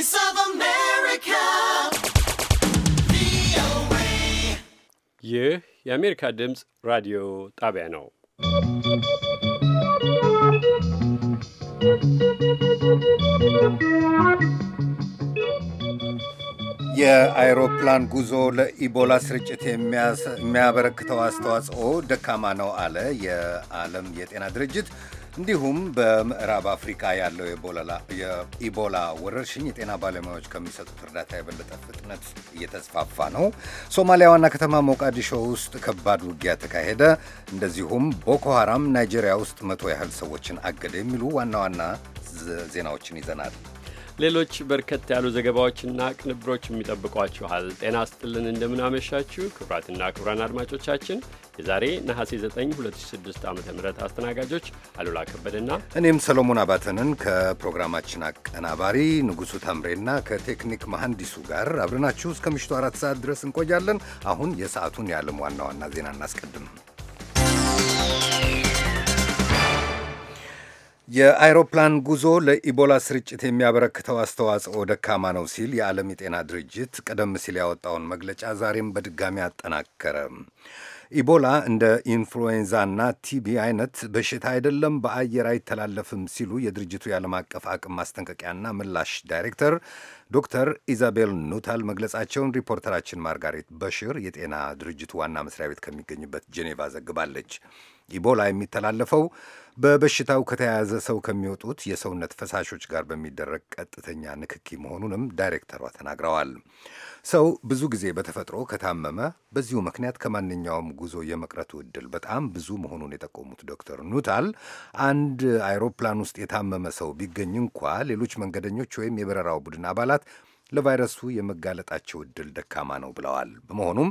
Voice of America. ይህ የአሜሪካ ድምፅ ራዲዮ ጣቢያ ነው። የአይሮፕላን ጉዞ ለኢቦላ ስርጭት የሚያበረክተው አስተዋጽኦ ደካማ ነው አለ የዓለም የጤና ድርጅት። እንዲሁም በምዕራብ አፍሪካ ያለው የኢቦላ ወረርሽኝ የጤና ባለሙያዎች ከሚሰጡት እርዳታ የበለጠ ፍጥነት እየተስፋፋ ነው። ሶማሊያ ዋና ከተማ ሞቃዲሾ ውስጥ ከባድ ውጊያ ተካሄደ። እንደዚሁም ቦኮ ሐራም ናይጄሪያ ውስጥ መቶ ያህል ሰዎችን አገደ የሚሉ ዋና ዋና ዜናዎችን ይዘናል። ሌሎች በርከት ያሉ ዘገባዎችና ቅንብሮች የሚጠብቋችኋል። ጤና ስጥልን እንደምናመሻችሁ ክቡራትና ክቡራን አድማጮቻችን የዛሬ ነሐሴ 9 2006 ዓ ም አስተናጋጆች አሉላ ከበደና እኔም ሰሎሞን አባተንን ከፕሮግራማችን አቀናባሪ ንጉሱ ታምሬና ከቴክኒክ መሐንዲሱ ጋር አብረናችሁ እስከ ምሽቱ አራት ሰዓት ድረስ እንቆያለን። አሁን የሰዓቱን የዓለም ዋና ዋና ዜና እናስቀድም። የአይሮፕላን ጉዞ ለኢቦላ ስርጭት የሚያበረክተው አስተዋጽኦ ደካማ ነው ሲል የዓለም የጤና ድርጅት ቀደም ሲል ያወጣውን መግለጫ ዛሬም በድጋሚ አጠናከረ። ኢቦላ እንደ ኢንፍሉዌንዛና ቲቢ አይነት በሽታ አይደለም፣ በአየር አይተላለፍም ሲሉ የድርጅቱ የዓለም አቀፍ አቅም ማስጠንቀቂያና ምላሽ ዳይሬክተር ዶክተር ኢዛቤል ኑታል መግለጻቸውን ሪፖርተራችን ማርጋሬት በሽር የጤና ድርጅቱ ዋና መስሪያ ቤት ከሚገኝበት ጄኔቫ ዘግባለች። ኢቦላ የሚተላለፈው በበሽታው ከተያያዘ ሰው ከሚወጡት የሰውነት ፈሳሾች ጋር በሚደረግ ቀጥተኛ ንክኪ መሆኑንም ዳይሬክተሯ ተናግረዋል። ሰው ብዙ ጊዜ በተፈጥሮ ከታመመ በዚሁ ምክንያት ከማንኛውም ጉዞ የመቅረቱ እድል በጣም ብዙ መሆኑን የጠቆሙት ዶክተር ኑታል አንድ አይሮፕላን ውስጥ የታመመ ሰው ቢገኝ እንኳ ሌሎች መንገደኞች ወይም የበረራው ቡድን አባላት ለቫይረሱ የመጋለጣቸው እድል ደካማ ነው ብለዋል። በመሆኑም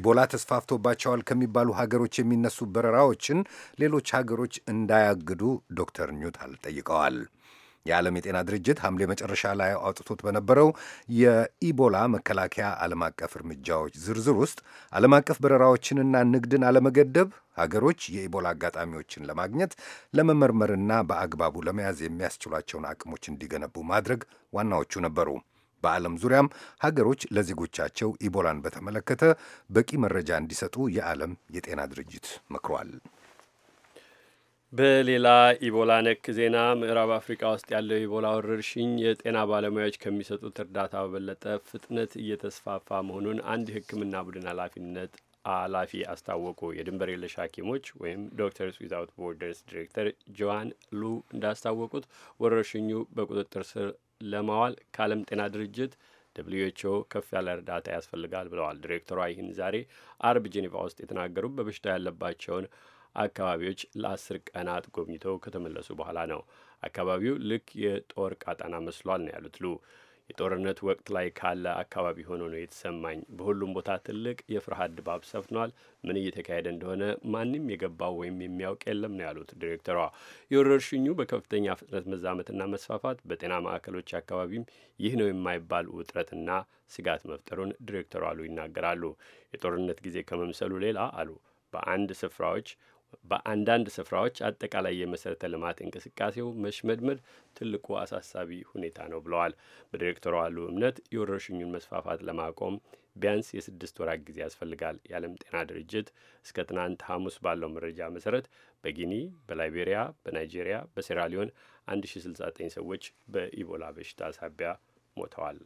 ኢቦላ ተስፋፍቶባቸዋል ከሚባሉ ሀገሮች የሚነሱ በረራዎችን ሌሎች ሀገሮች እንዳያግዱ ዶክተር ኒውታል ጠይቀዋል። የዓለም የጤና ድርጅት ሐምሌ መጨረሻ ላይ አውጥቶት በነበረው የኢቦላ መከላከያ ዓለም አቀፍ እርምጃዎች ዝርዝር ውስጥ ዓለም አቀፍ በረራዎችንና ንግድን አለመገደብ ሀገሮች የኢቦላ አጋጣሚዎችን ለማግኘት ለመመርመርና በአግባቡ ለመያዝ የሚያስችሏቸውን አቅሞች እንዲገነቡ ማድረግ ዋናዎቹ ነበሩ። በዓለም ዙሪያም ሀገሮች ለዜጎቻቸው ኢቦላን በተመለከተ በቂ መረጃ እንዲሰጡ የዓለም የጤና ድርጅት መክሯል። በሌላ ኢቦላ ነክ ዜና ምዕራብ አፍሪካ ውስጥ ያለው ኢቦላ ወረርሽኝ የጤና ባለሙያዎች ከሚሰጡት እርዳታ በበለጠ ፍጥነት እየተስፋፋ መሆኑን አንድ የሕክምና ቡድን ኃላፊነት ኃላፊ አስታወቁ። የድንበር የለሽ ሐኪሞች ወይም ዶክተርስ ዊዛውት ቦርደርስ ዲሬክተር ጆሃን ሉ እንዳስታወቁት ወረርሽኙ በቁጥጥር ስር ለማዋል ከዓለም ጤና ድርጅት ደብሊውኤችኦ ከፍ ያለ እርዳታ ያስፈልጋል ብለዋል። ዲሬክተሯ ይህን ዛሬ አርብ ጄኔቫ ውስጥ የተናገሩ በበሽታ ያለባቸውን አካባቢዎች ለአስር ቀናት ጎብኝተው ከተመለሱ በኋላ ነው። አካባቢው ልክ የጦር ቃጠና መስሏል ነው ያሉት ሉ የጦርነት ወቅት ላይ ካለ አካባቢ ሆኖ ነው የተሰማኝ። በሁሉም ቦታ ትልቅ የፍርሃት ድባብ ሰፍኗል። ምን እየተካሄደ እንደሆነ ማንም የገባው ወይም የሚያውቅ የለም ነው ያሉት ዲሬክተሯ። የወረርሽኙ በከፍተኛ ፍጥነት መዛመትና መስፋፋት በጤና ማዕከሎች አካባቢም ይህ ነው የማይባል ውጥረትና ስጋት መፍጠሩን ዲሬክተሯ አሉ ይናገራሉ። የጦርነት ጊዜ ከመምሰሉ ሌላ አሉ በአንድ ስፍራዎች በአንዳንድ ስፍራዎች አጠቃላይ የመሠረተ ልማት እንቅስቃሴው መሽመድመድ ትልቁ አሳሳቢ ሁኔታ ነው ብለዋል። በዲሬክተሯ አሉ እምነት የወረርሽኙን መስፋፋት ለማቆም ቢያንስ የስድስት ወራት ጊዜ ያስፈልጋል። የዓለም ጤና ድርጅት እስከ ትናንት ሐሙስ ባለው መረጃ መሠረት በጊኒ፣ በላይቤሪያ፣ በናይጄሪያ፣ በሴራሊዮን 1069 ሰዎች በኢቦላ በሽታ ሳቢያ ሞተዋል።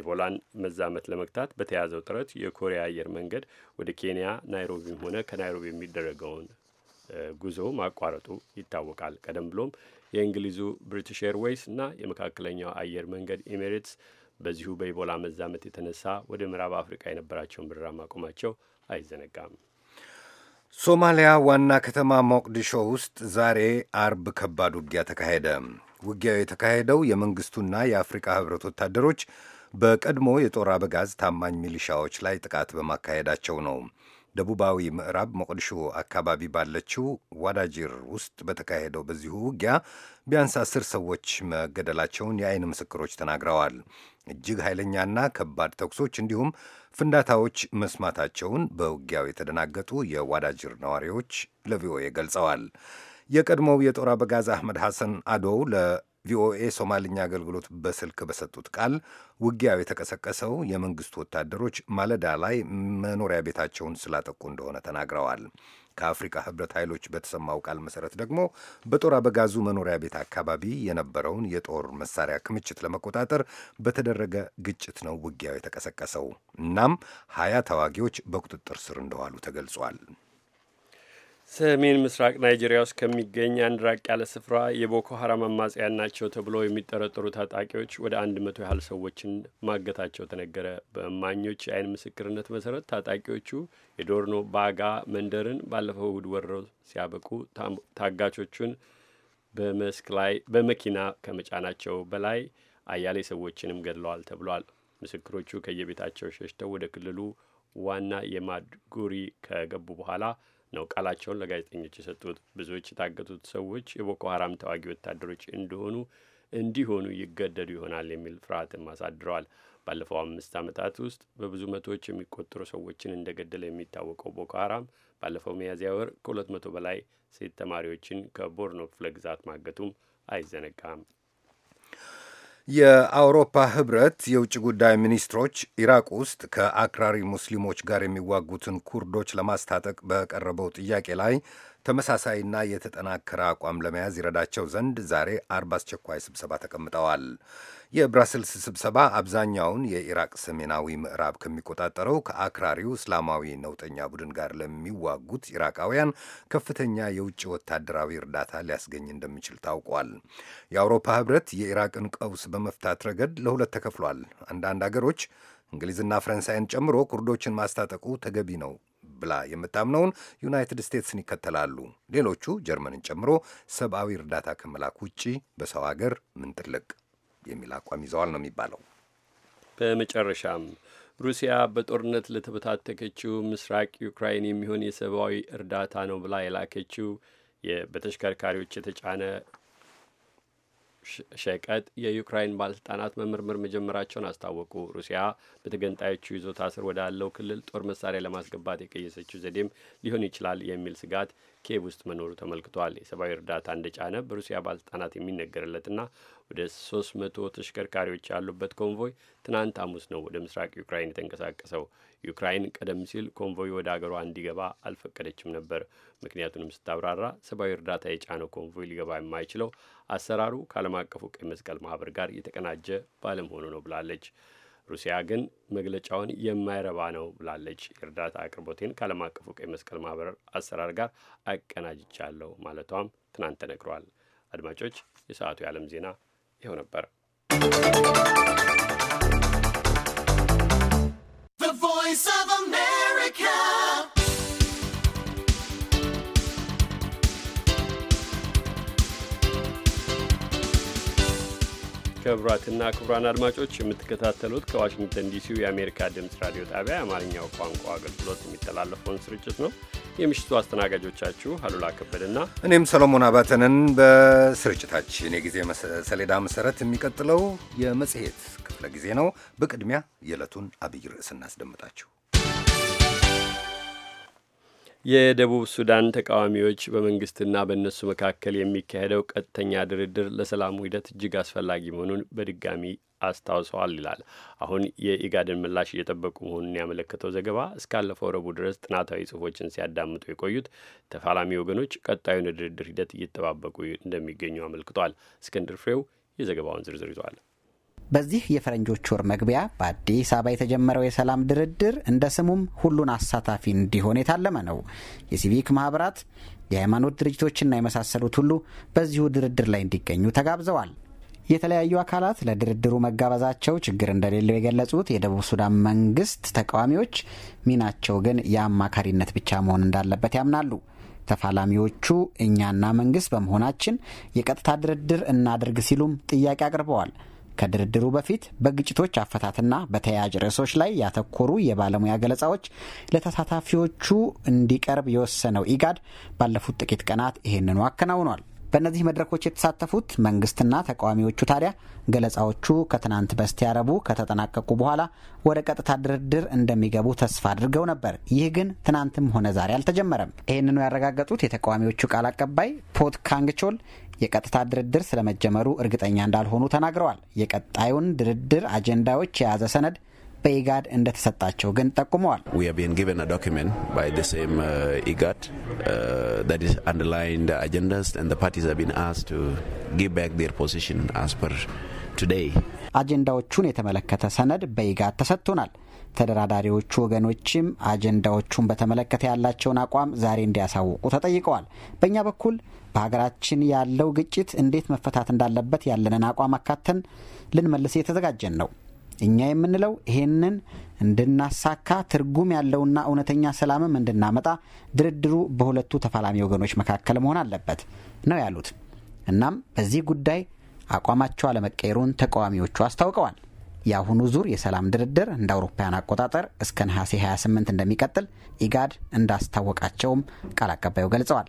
ኢቦላን መዛመት ለመግታት በተያዘው ጥረት የኮሪያ አየር መንገድ ወደ ኬንያ ናይሮቢም ሆነ ከናይሮቢ የሚደረገውን ጉዞ ማቋረጡ ይታወቃል። ቀደም ብሎም የእንግሊዙ ብሪቲሽ ኤርዌይስ እና የመካከለኛው አየር መንገድ ኤሜሬትስ በዚሁ በኢቦላ መዛመት የተነሳ ወደ ምዕራብ አፍሪቃ የነበራቸውን በረራ ማቆማቸው አይዘነጋም። ሶማሊያ ዋና ከተማ ሞቅዲሾ ውስጥ ዛሬ አርብ ከባድ ውጊያ ተካሄደ። ውጊያው የተካሄደው የመንግስቱና የአፍሪካ ህብረት ወታደሮች በቀድሞ የጦር አበጋዝ ታማኝ ሚሊሻዎች ላይ ጥቃት በማካሄዳቸው ነው። ደቡባዊ ምዕራብ ሞቃዲሾ አካባቢ ባለችው ዋዳጅር ውስጥ በተካሄደው በዚሁ ውጊያ ቢያንስ አስር ሰዎች መገደላቸውን የአይን ምስክሮች ተናግረዋል። እጅግ ኃይለኛና ከባድ ተኩሶች እንዲሁም ፍንዳታዎች መስማታቸውን በውጊያው የተደናገጡ የዋዳጅር ነዋሪዎች ለቪኦኤ ገልጸዋል። የቀድሞው የጦር አበጋዝ አህመድ ሐሰን አዶው ቪኦኤ ሶማልኛ አገልግሎት በስልክ በሰጡት ቃል ውጊያው የተቀሰቀሰው የመንግስቱ ወታደሮች ማለዳ ላይ መኖሪያ ቤታቸውን ስላጠቁ እንደሆነ ተናግረዋል። ከአፍሪካ ህብረት ኃይሎች በተሰማው ቃል መሰረት ደግሞ በጦር አበጋዙ መኖሪያ ቤት አካባቢ የነበረውን የጦር መሳሪያ ክምችት ለመቆጣጠር በተደረገ ግጭት ነው ውጊያው የተቀሰቀሰው። እናም ሀያ ተዋጊዎች በቁጥጥር ስር እንደዋሉ ተገልጿል። ሰሜን ምስራቅ ናይጄሪያ ውስጥ ከሚገኝ አንድ ራቅ ያለ ስፍራ የቦኮ ሀራም አማጽያን ናቸው ተብሎ የሚጠረጠሩ ታጣቂዎች ወደ አንድ መቶ ያህል ሰዎችን ማገታቸው ተነገረ። በእማኞች የአይን ምስክርነት መሰረት ታጣቂዎቹ የዶርኖ ባጋ መንደርን ባለፈው እሁድ ወረው ሲያበቁ ታጋቾቹን በመስክ ላይ በመኪና ከመጫናቸው በላይ አያሌ ሰዎችንም ገድለዋል ተብሏል። ምስክሮቹ ከየቤታቸው ሸሽተው ወደ ክልሉ ዋና የማድጉሪ ከገቡ በኋላ ነው ቃላቸውን ለጋዜጠኞች የሰጡት። ብዙዎች የታገቱት ሰዎች የቦኮ ሀራም ተዋጊ ወታደሮች እንደሆኑ እንዲሆኑ ይገደዱ ይሆናል የሚል ፍርሃትም አሳድረዋል። ባለፈው አምስት ዓመታት ውስጥ በብዙ መቶዎች የሚቆጠሩ ሰዎችን እንደገደለ የሚታወቀው ቦኮ ሀራም ባለፈው ሚያዝያ ወር ከሁለት መቶ በላይ ሴት ተማሪዎችን ከቦርኖ ክፍለ ግዛት ማገቱም አይዘነጋም። የአውሮፓ ህብረት የውጭ ጉዳይ ሚኒስትሮች ኢራቅ ውስጥ ከአክራሪ ሙስሊሞች ጋር የሚዋጉትን ኩርዶች ለማስታጠቅ በቀረበው ጥያቄ ላይ ተመሳሳይና የተጠናከረ አቋም ለመያዝ ይረዳቸው ዘንድ ዛሬ አርብ አስቸኳይ ስብሰባ ተቀምጠዋል። የብራስልስ ስብሰባ አብዛኛውን የኢራቅ ሰሜናዊ ምዕራብ ከሚቆጣጠረው ከአክራሪው እስላማዊ ነውጠኛ ቡድን ጋር ለሚዋጉት ኢራቃውያን ከፍተኛ የውጭ ወታደራዊ እርዳታ ሊያስገኝ እንደሚችል ታውቋል። የአውሮፓ ህብረት የኢራቅን ቀውስ በመፍታት ረገድ ለሁለት ተከፍሏል። አንዳንድ አገሮች እንግሊዝና ፈረንሳይን ጨምሮ ኩርዶችን ማስታጠቁ ተገቢ ነው ብላ የምታምነውን ዩናይትድ ስቴትስን ይከተላሉ። ሌሎቹ ጀርመንን ጨምሮ ሰብአዊ እርዳታ ከመላክ ውጪ በሰው አገር ምንጥልቅ የሚል አቋም ይዘዋል ነው የሚባለው። በመጨረሻም ሩሲያ በጦርነት ለተበታተከችው ምስራቅ ዩክራይን የሚሆን የሰብአዊ እርዳታ ነው ብላ የላከችው በተሽከርካሪዎች የተጫነ ሸቀጥ የዩክራይን ባለስልጣናት መምርምር መጀመራቸውን አስታወቁ። ሩሲያ በተገንጣዮቹ ይዞታ ስር ወዳለው ክልል ጦር መሳሪያ ለማስገባት የቀየሰችው ዘዴም ሊሆን ይችላል የሚል ስጋት ኪየቭ ውስጥ መኖሩ ተመልክቷል። የሰብአዊ እርዳታ እንደጫነ በሩሲያ ባለስልጣናት የሚነገርለትና ወደ 300 ተሽከርካሪዎች ያሉበት ኮንቮይ ትናንት ሐሙስ ነው ወደ ምስራቅ ዩክራይን የተንቀሳቀሰው። ዩክራይን ቀደም ሲል ኮንቮይ ወደ አገሯ እንዲገባ አልፈቀደችም ነበር። ምክንያቱንም ስታብራራ ሰብአዊ እርዳታ የጫነው ኮንቮይ ሊገባ የማይችለው አሰራሩ ከዓለም አቀፉ ቀይ መስቀል ማህበር ጋር የተቀናጀ ባለመሆኑ ነው ብላለች። ሩሲያ ግን መግለጫውን የማይረባ ነው ብላለች። የእርዳታ አቅርቦቴን ከዓለም አቀፉ ቀይ መስቀል ማህበር አሰራር ጋር አቀናጅቻለሁ ማለቷም ትናንት ተነግሯል። አድማጮች፣ የሰዓቱ የዓለም ዜና ይኸው ነበር። ክቡራትና ክቡራን አድማጮች የምትከታተሉት ከዋሽንግተን ዲሲው የአሜሪካ ድምፅ ራዲዮ ጣቢያ የአማርኛው ቋንቋ አገልግሎት የሚተላለፈውን ስርጭት ነው። የምሽቱ አስተናጋጆቻችሁ አሉላ ከበድና እኔም ሰሎሞን አባተንን። በስርጭታችን የጊዜ ሰሌዳ መሰረት የሚቀጥለው የመጽሔት ክፍለ ጊዜ ነው። በቅድሚያ የዕለቱን አብይ ርዕስ እናስደምጣችሁ። የደቡብ ሱዳን ተቃዋሚዎች በመንግስትና በእነሱ መካከል የሚካሄደው ቀጥተኛ ድርድር ለሰላሙ ሂደት እጅግ አስፈላጊ መሆኑን በድጋሚ አስታውሰዋል ይላል። አሁን የኢጋድን ምላሽ እየጠበቁ መሆኑን ያመለከተው ዘገባ እስካለፈው ረቡዕ ድረስ ጥናታዊ ጽሁፎችን ሲያዳምጡ የቆዩት ተፋላሚ ወገኖች ቀጣዩን ድርድር ሂደት እየተጠባበቁ እንደሚገኙ አመልክቷል። እስክንድር ፍሬው የዘገባውን ዝርዝር ይዟል። በዚህ የፈረንጆች ወር መግቢያ በአዲስ አበባ የተጀመረው የሰላም ድርድር እንደ ስሙም ሁሉን አሳታፊ እንዲሆን የታለመ ነው። የሲቪክ ማህበራት፣ የሃይማኖት ድርጅቶችና የመሳሰሉት ሁሉ በዚሁ ድርድር ላይ እንዲገኙ ተጋብዘዋል። የተለያዩ አካላት ለድርድሩ መጋበዛቸው ችግር እንደሌለው የገለጹት የደቡብ ሱዳን መንግስት ተቃዋሚዎች ሚናቸው ግን የአማካሪነት ብቻ መሆን እንዳለበት ያምናሉ። ተፋላሚዎቹ እኛና መንግስት በመሆናችን የቀጥታ ድርድር እናድርግ ሲሉም ጥያቄ አቅርበዋል። ከድርድሩ በፊት በግጭቶች አፈታትና በተያያዥ ርዕሶች ላይ ያተኮሩ የባለሙያ ገለጻዎች ለተሳታፊዎቹ እንዲቀርብ የወሰነው ኢጋድ ባለፉት ጥቂት ቀናት ይህንኑ አከናውኗል። በእነዚህ መድረኮች የተሳተፉት መንግስትና ተቃዋሚዎቹ ታዲያ ገለጻዎቹ ከትናንት በስቲያ ረቡዕ ከተጠናቀቁ በኋላ ወደ ቀጥታ ድርድር እንደሚገቡ ተስፋ አድርገው ነበር። ይህ ግን ትናንትም ሆነ ዛሬ አልተጀመረም። ይህንኑ ያረጋገጡት የተቃዋሚዎቹ ቃል አቀባይ ፖት ካንግቾል የቀጥታ ድርድር ስለመጀመሩ እርግጠኛ እንዳልሆኑ ተናግረዋል። የቀጣዩን ድርድር አጀንዳዎች የያዘ ሰነድ በኢጋድ እንደተሰጣቸው ግን ጠቁመዋል። uh, uh, አጀንዳዎቹን የተመለከተ ሰነድ በኢጋድ ተሰጥቶናል። ተደራዳሪዎቹ ወገኖችም አጀንዳዎቹን በተመለከተ ያላቸውን አቋም ዛሬ እንዲያሳውቁ ተጠይቀዋል። በእኛ በኩል በሀገራችን ያለው ግጭት እንዴት መፈታት እንዳለበት ያለንን አቋም አካተን ልንመልስ የተዘጋጀን ነው። እኛ የምንለው ይሄንን እንድናሳካ ትርጉም ያለውና እውነተኛ ሰላምም እንድናመጣ ድርድሩ በሁለቱ ተፋላሚ ወገኖች መካከል መሆን አለበት ነው ያሉት። እናም በዚህ ጉዳይ አቋማቸው አለመቀየሩን ተቃዋሚዎቹ አስታውቀዋል። የአሁኑ ዙር የሰላም ድርድር እንደ አውሮፓውያን አቆጣጠር እስከ ነሐሴ 28 እንደሚቀጥል ኢጋድ እንዳስታወቃቸውም ቃል አቀባዩ ገልጸዋል።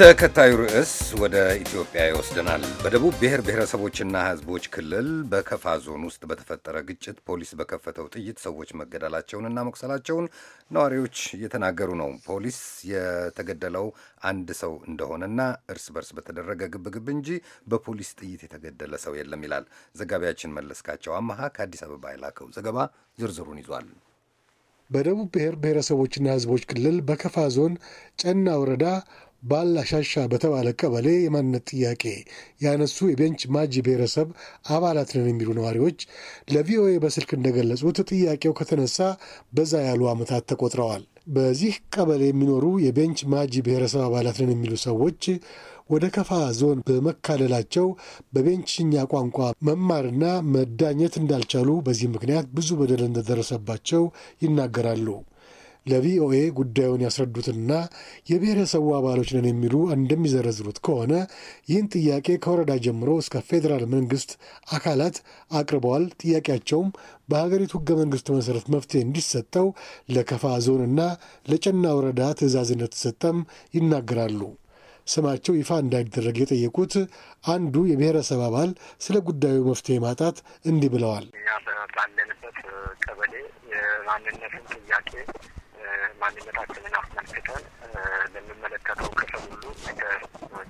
ተከታዩ ርዕስ ወደ ኢትዮጵያ ይወስደናል። በደቡብ ብሔር ብሔረሰቦችና ሕዝቦች ክልል በከፋ ዞን ውስጥ በተፈጠረ ግጭት ፖሊስ በከፈተው ጥይት ሰዎች መገደላቸውንና መቁሰላቸውን ነዋሪዎች እየተናገሩ ነው። ፖሊስ የተገደለው አንድ ሰው እንደሆነና እርስ በርስ በተደረገ ግብግብ እንጂ በፖሊስ ጥይት የተገደለ ሰው የለም ይላል ዘጋቢያችን መለስካቸው አመሃ ከአዲስ አበባ የላከው ዘገባ ዝርዝሩን ይዟል። በደቡብ ብሔር ብሔረሰቦችና ሕዝቦች ክልል በከፋ ዞን ጨና ወረዳ ባላሻሻ በተባለ ቀበሌ የማንነት ጥያቄ ያነሱ የቤንች ማጂ ብሔረሰብ አባላት ነን የሚሉ ነዋሪዎች ለቪኦኤ በስልክ እንደገለጹት ጥያቄው ከተነሳ በዛ ያሉ ዓመታት ተቆጥረዋል። በዚህ ቀበሌ የሚኖሩ የቤንች ማጂ ብሔረሰብ አባላት ነን የሚሉ ሰዎች ወደ ከፋ ዞን በመካለላቸው በቤንችኛ ቋንቋ መማርና መዳኘት እንዳልቻሉ፣ በዚህ ምክንያት ብዙ በደል እንደደረሰባቸው ይናገራሉ። ለቪኦኤ ጉዳዩን ያስረዱትና የብሔረሰቡ አባሎች ነን የሚሉ እንደሚዘረዝሩት ከሆነ ይህን ጥያቄ ከወረዳ ጀምሮ እስከ ፌዴራል መንግስት አካላት አቅርበዋል። ጥያቄያቸውም በሀገሪቱ ህገ መንግስት መሰረት መፍትሄ እንዲሰጠው ለከፋ ዞንና ለጨና ወረዳ ትዕዛዝ እንደተሰጠም ይናገራሉ። ስማቸው ይፋ እንዳይደረግ የጠየቁት አንዱ የብሔረሰብ አባል ስለ ጉዳዩ መፍትሄ ማጣት እንዲህ ብለዋል። እኛ ባለንበት ቀበሌ የማንነትን ጥያቄ ማንነታችንን አስመልክተን ለሚመለከተው ክፍል ሁሉ እስከ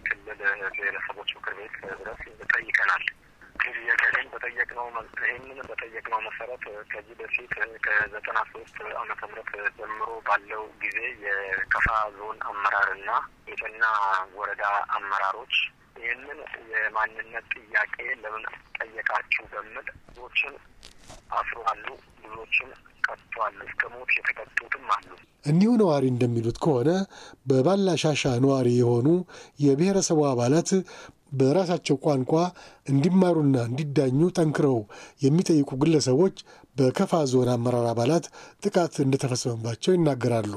ክልል ብሔረሰቦች ምክር ቤት ድረስ ጠይቀናል። ጥያቄን በጠየቅነው ይህንን በጠየቅነው መሰረት ከዚህ በፊት ከዘጠና ሶስት አመተ ምህረት ጀምሮ ባለው ጊዜ የከፋ ዞን አመራርና የጠና ወረዳ አመራሮች ይህንን የማንነት ጥያቄ ለምን ጠየቃችሁ በሚል ብዙዎችን አስሯሉ፣ ብዙዎችን ቀጥቷል። እስከ ሞት የተቀጡትም አሉ። እኒሁ ነዋሪ እንደሚሉት ከሆነ በባላሻሻ ነዋሪ የሆኑ የብሔረሰቡ አባላት በራሳቸው ቋንቋ እንዲማሩና እንዲዳኙ ጠንክረው የሚጠይቁ ግለሰቦች በከፋ ዞን አመራር አባላት ጥቃት እንደተፈጸመባቸው ይናገራሉ።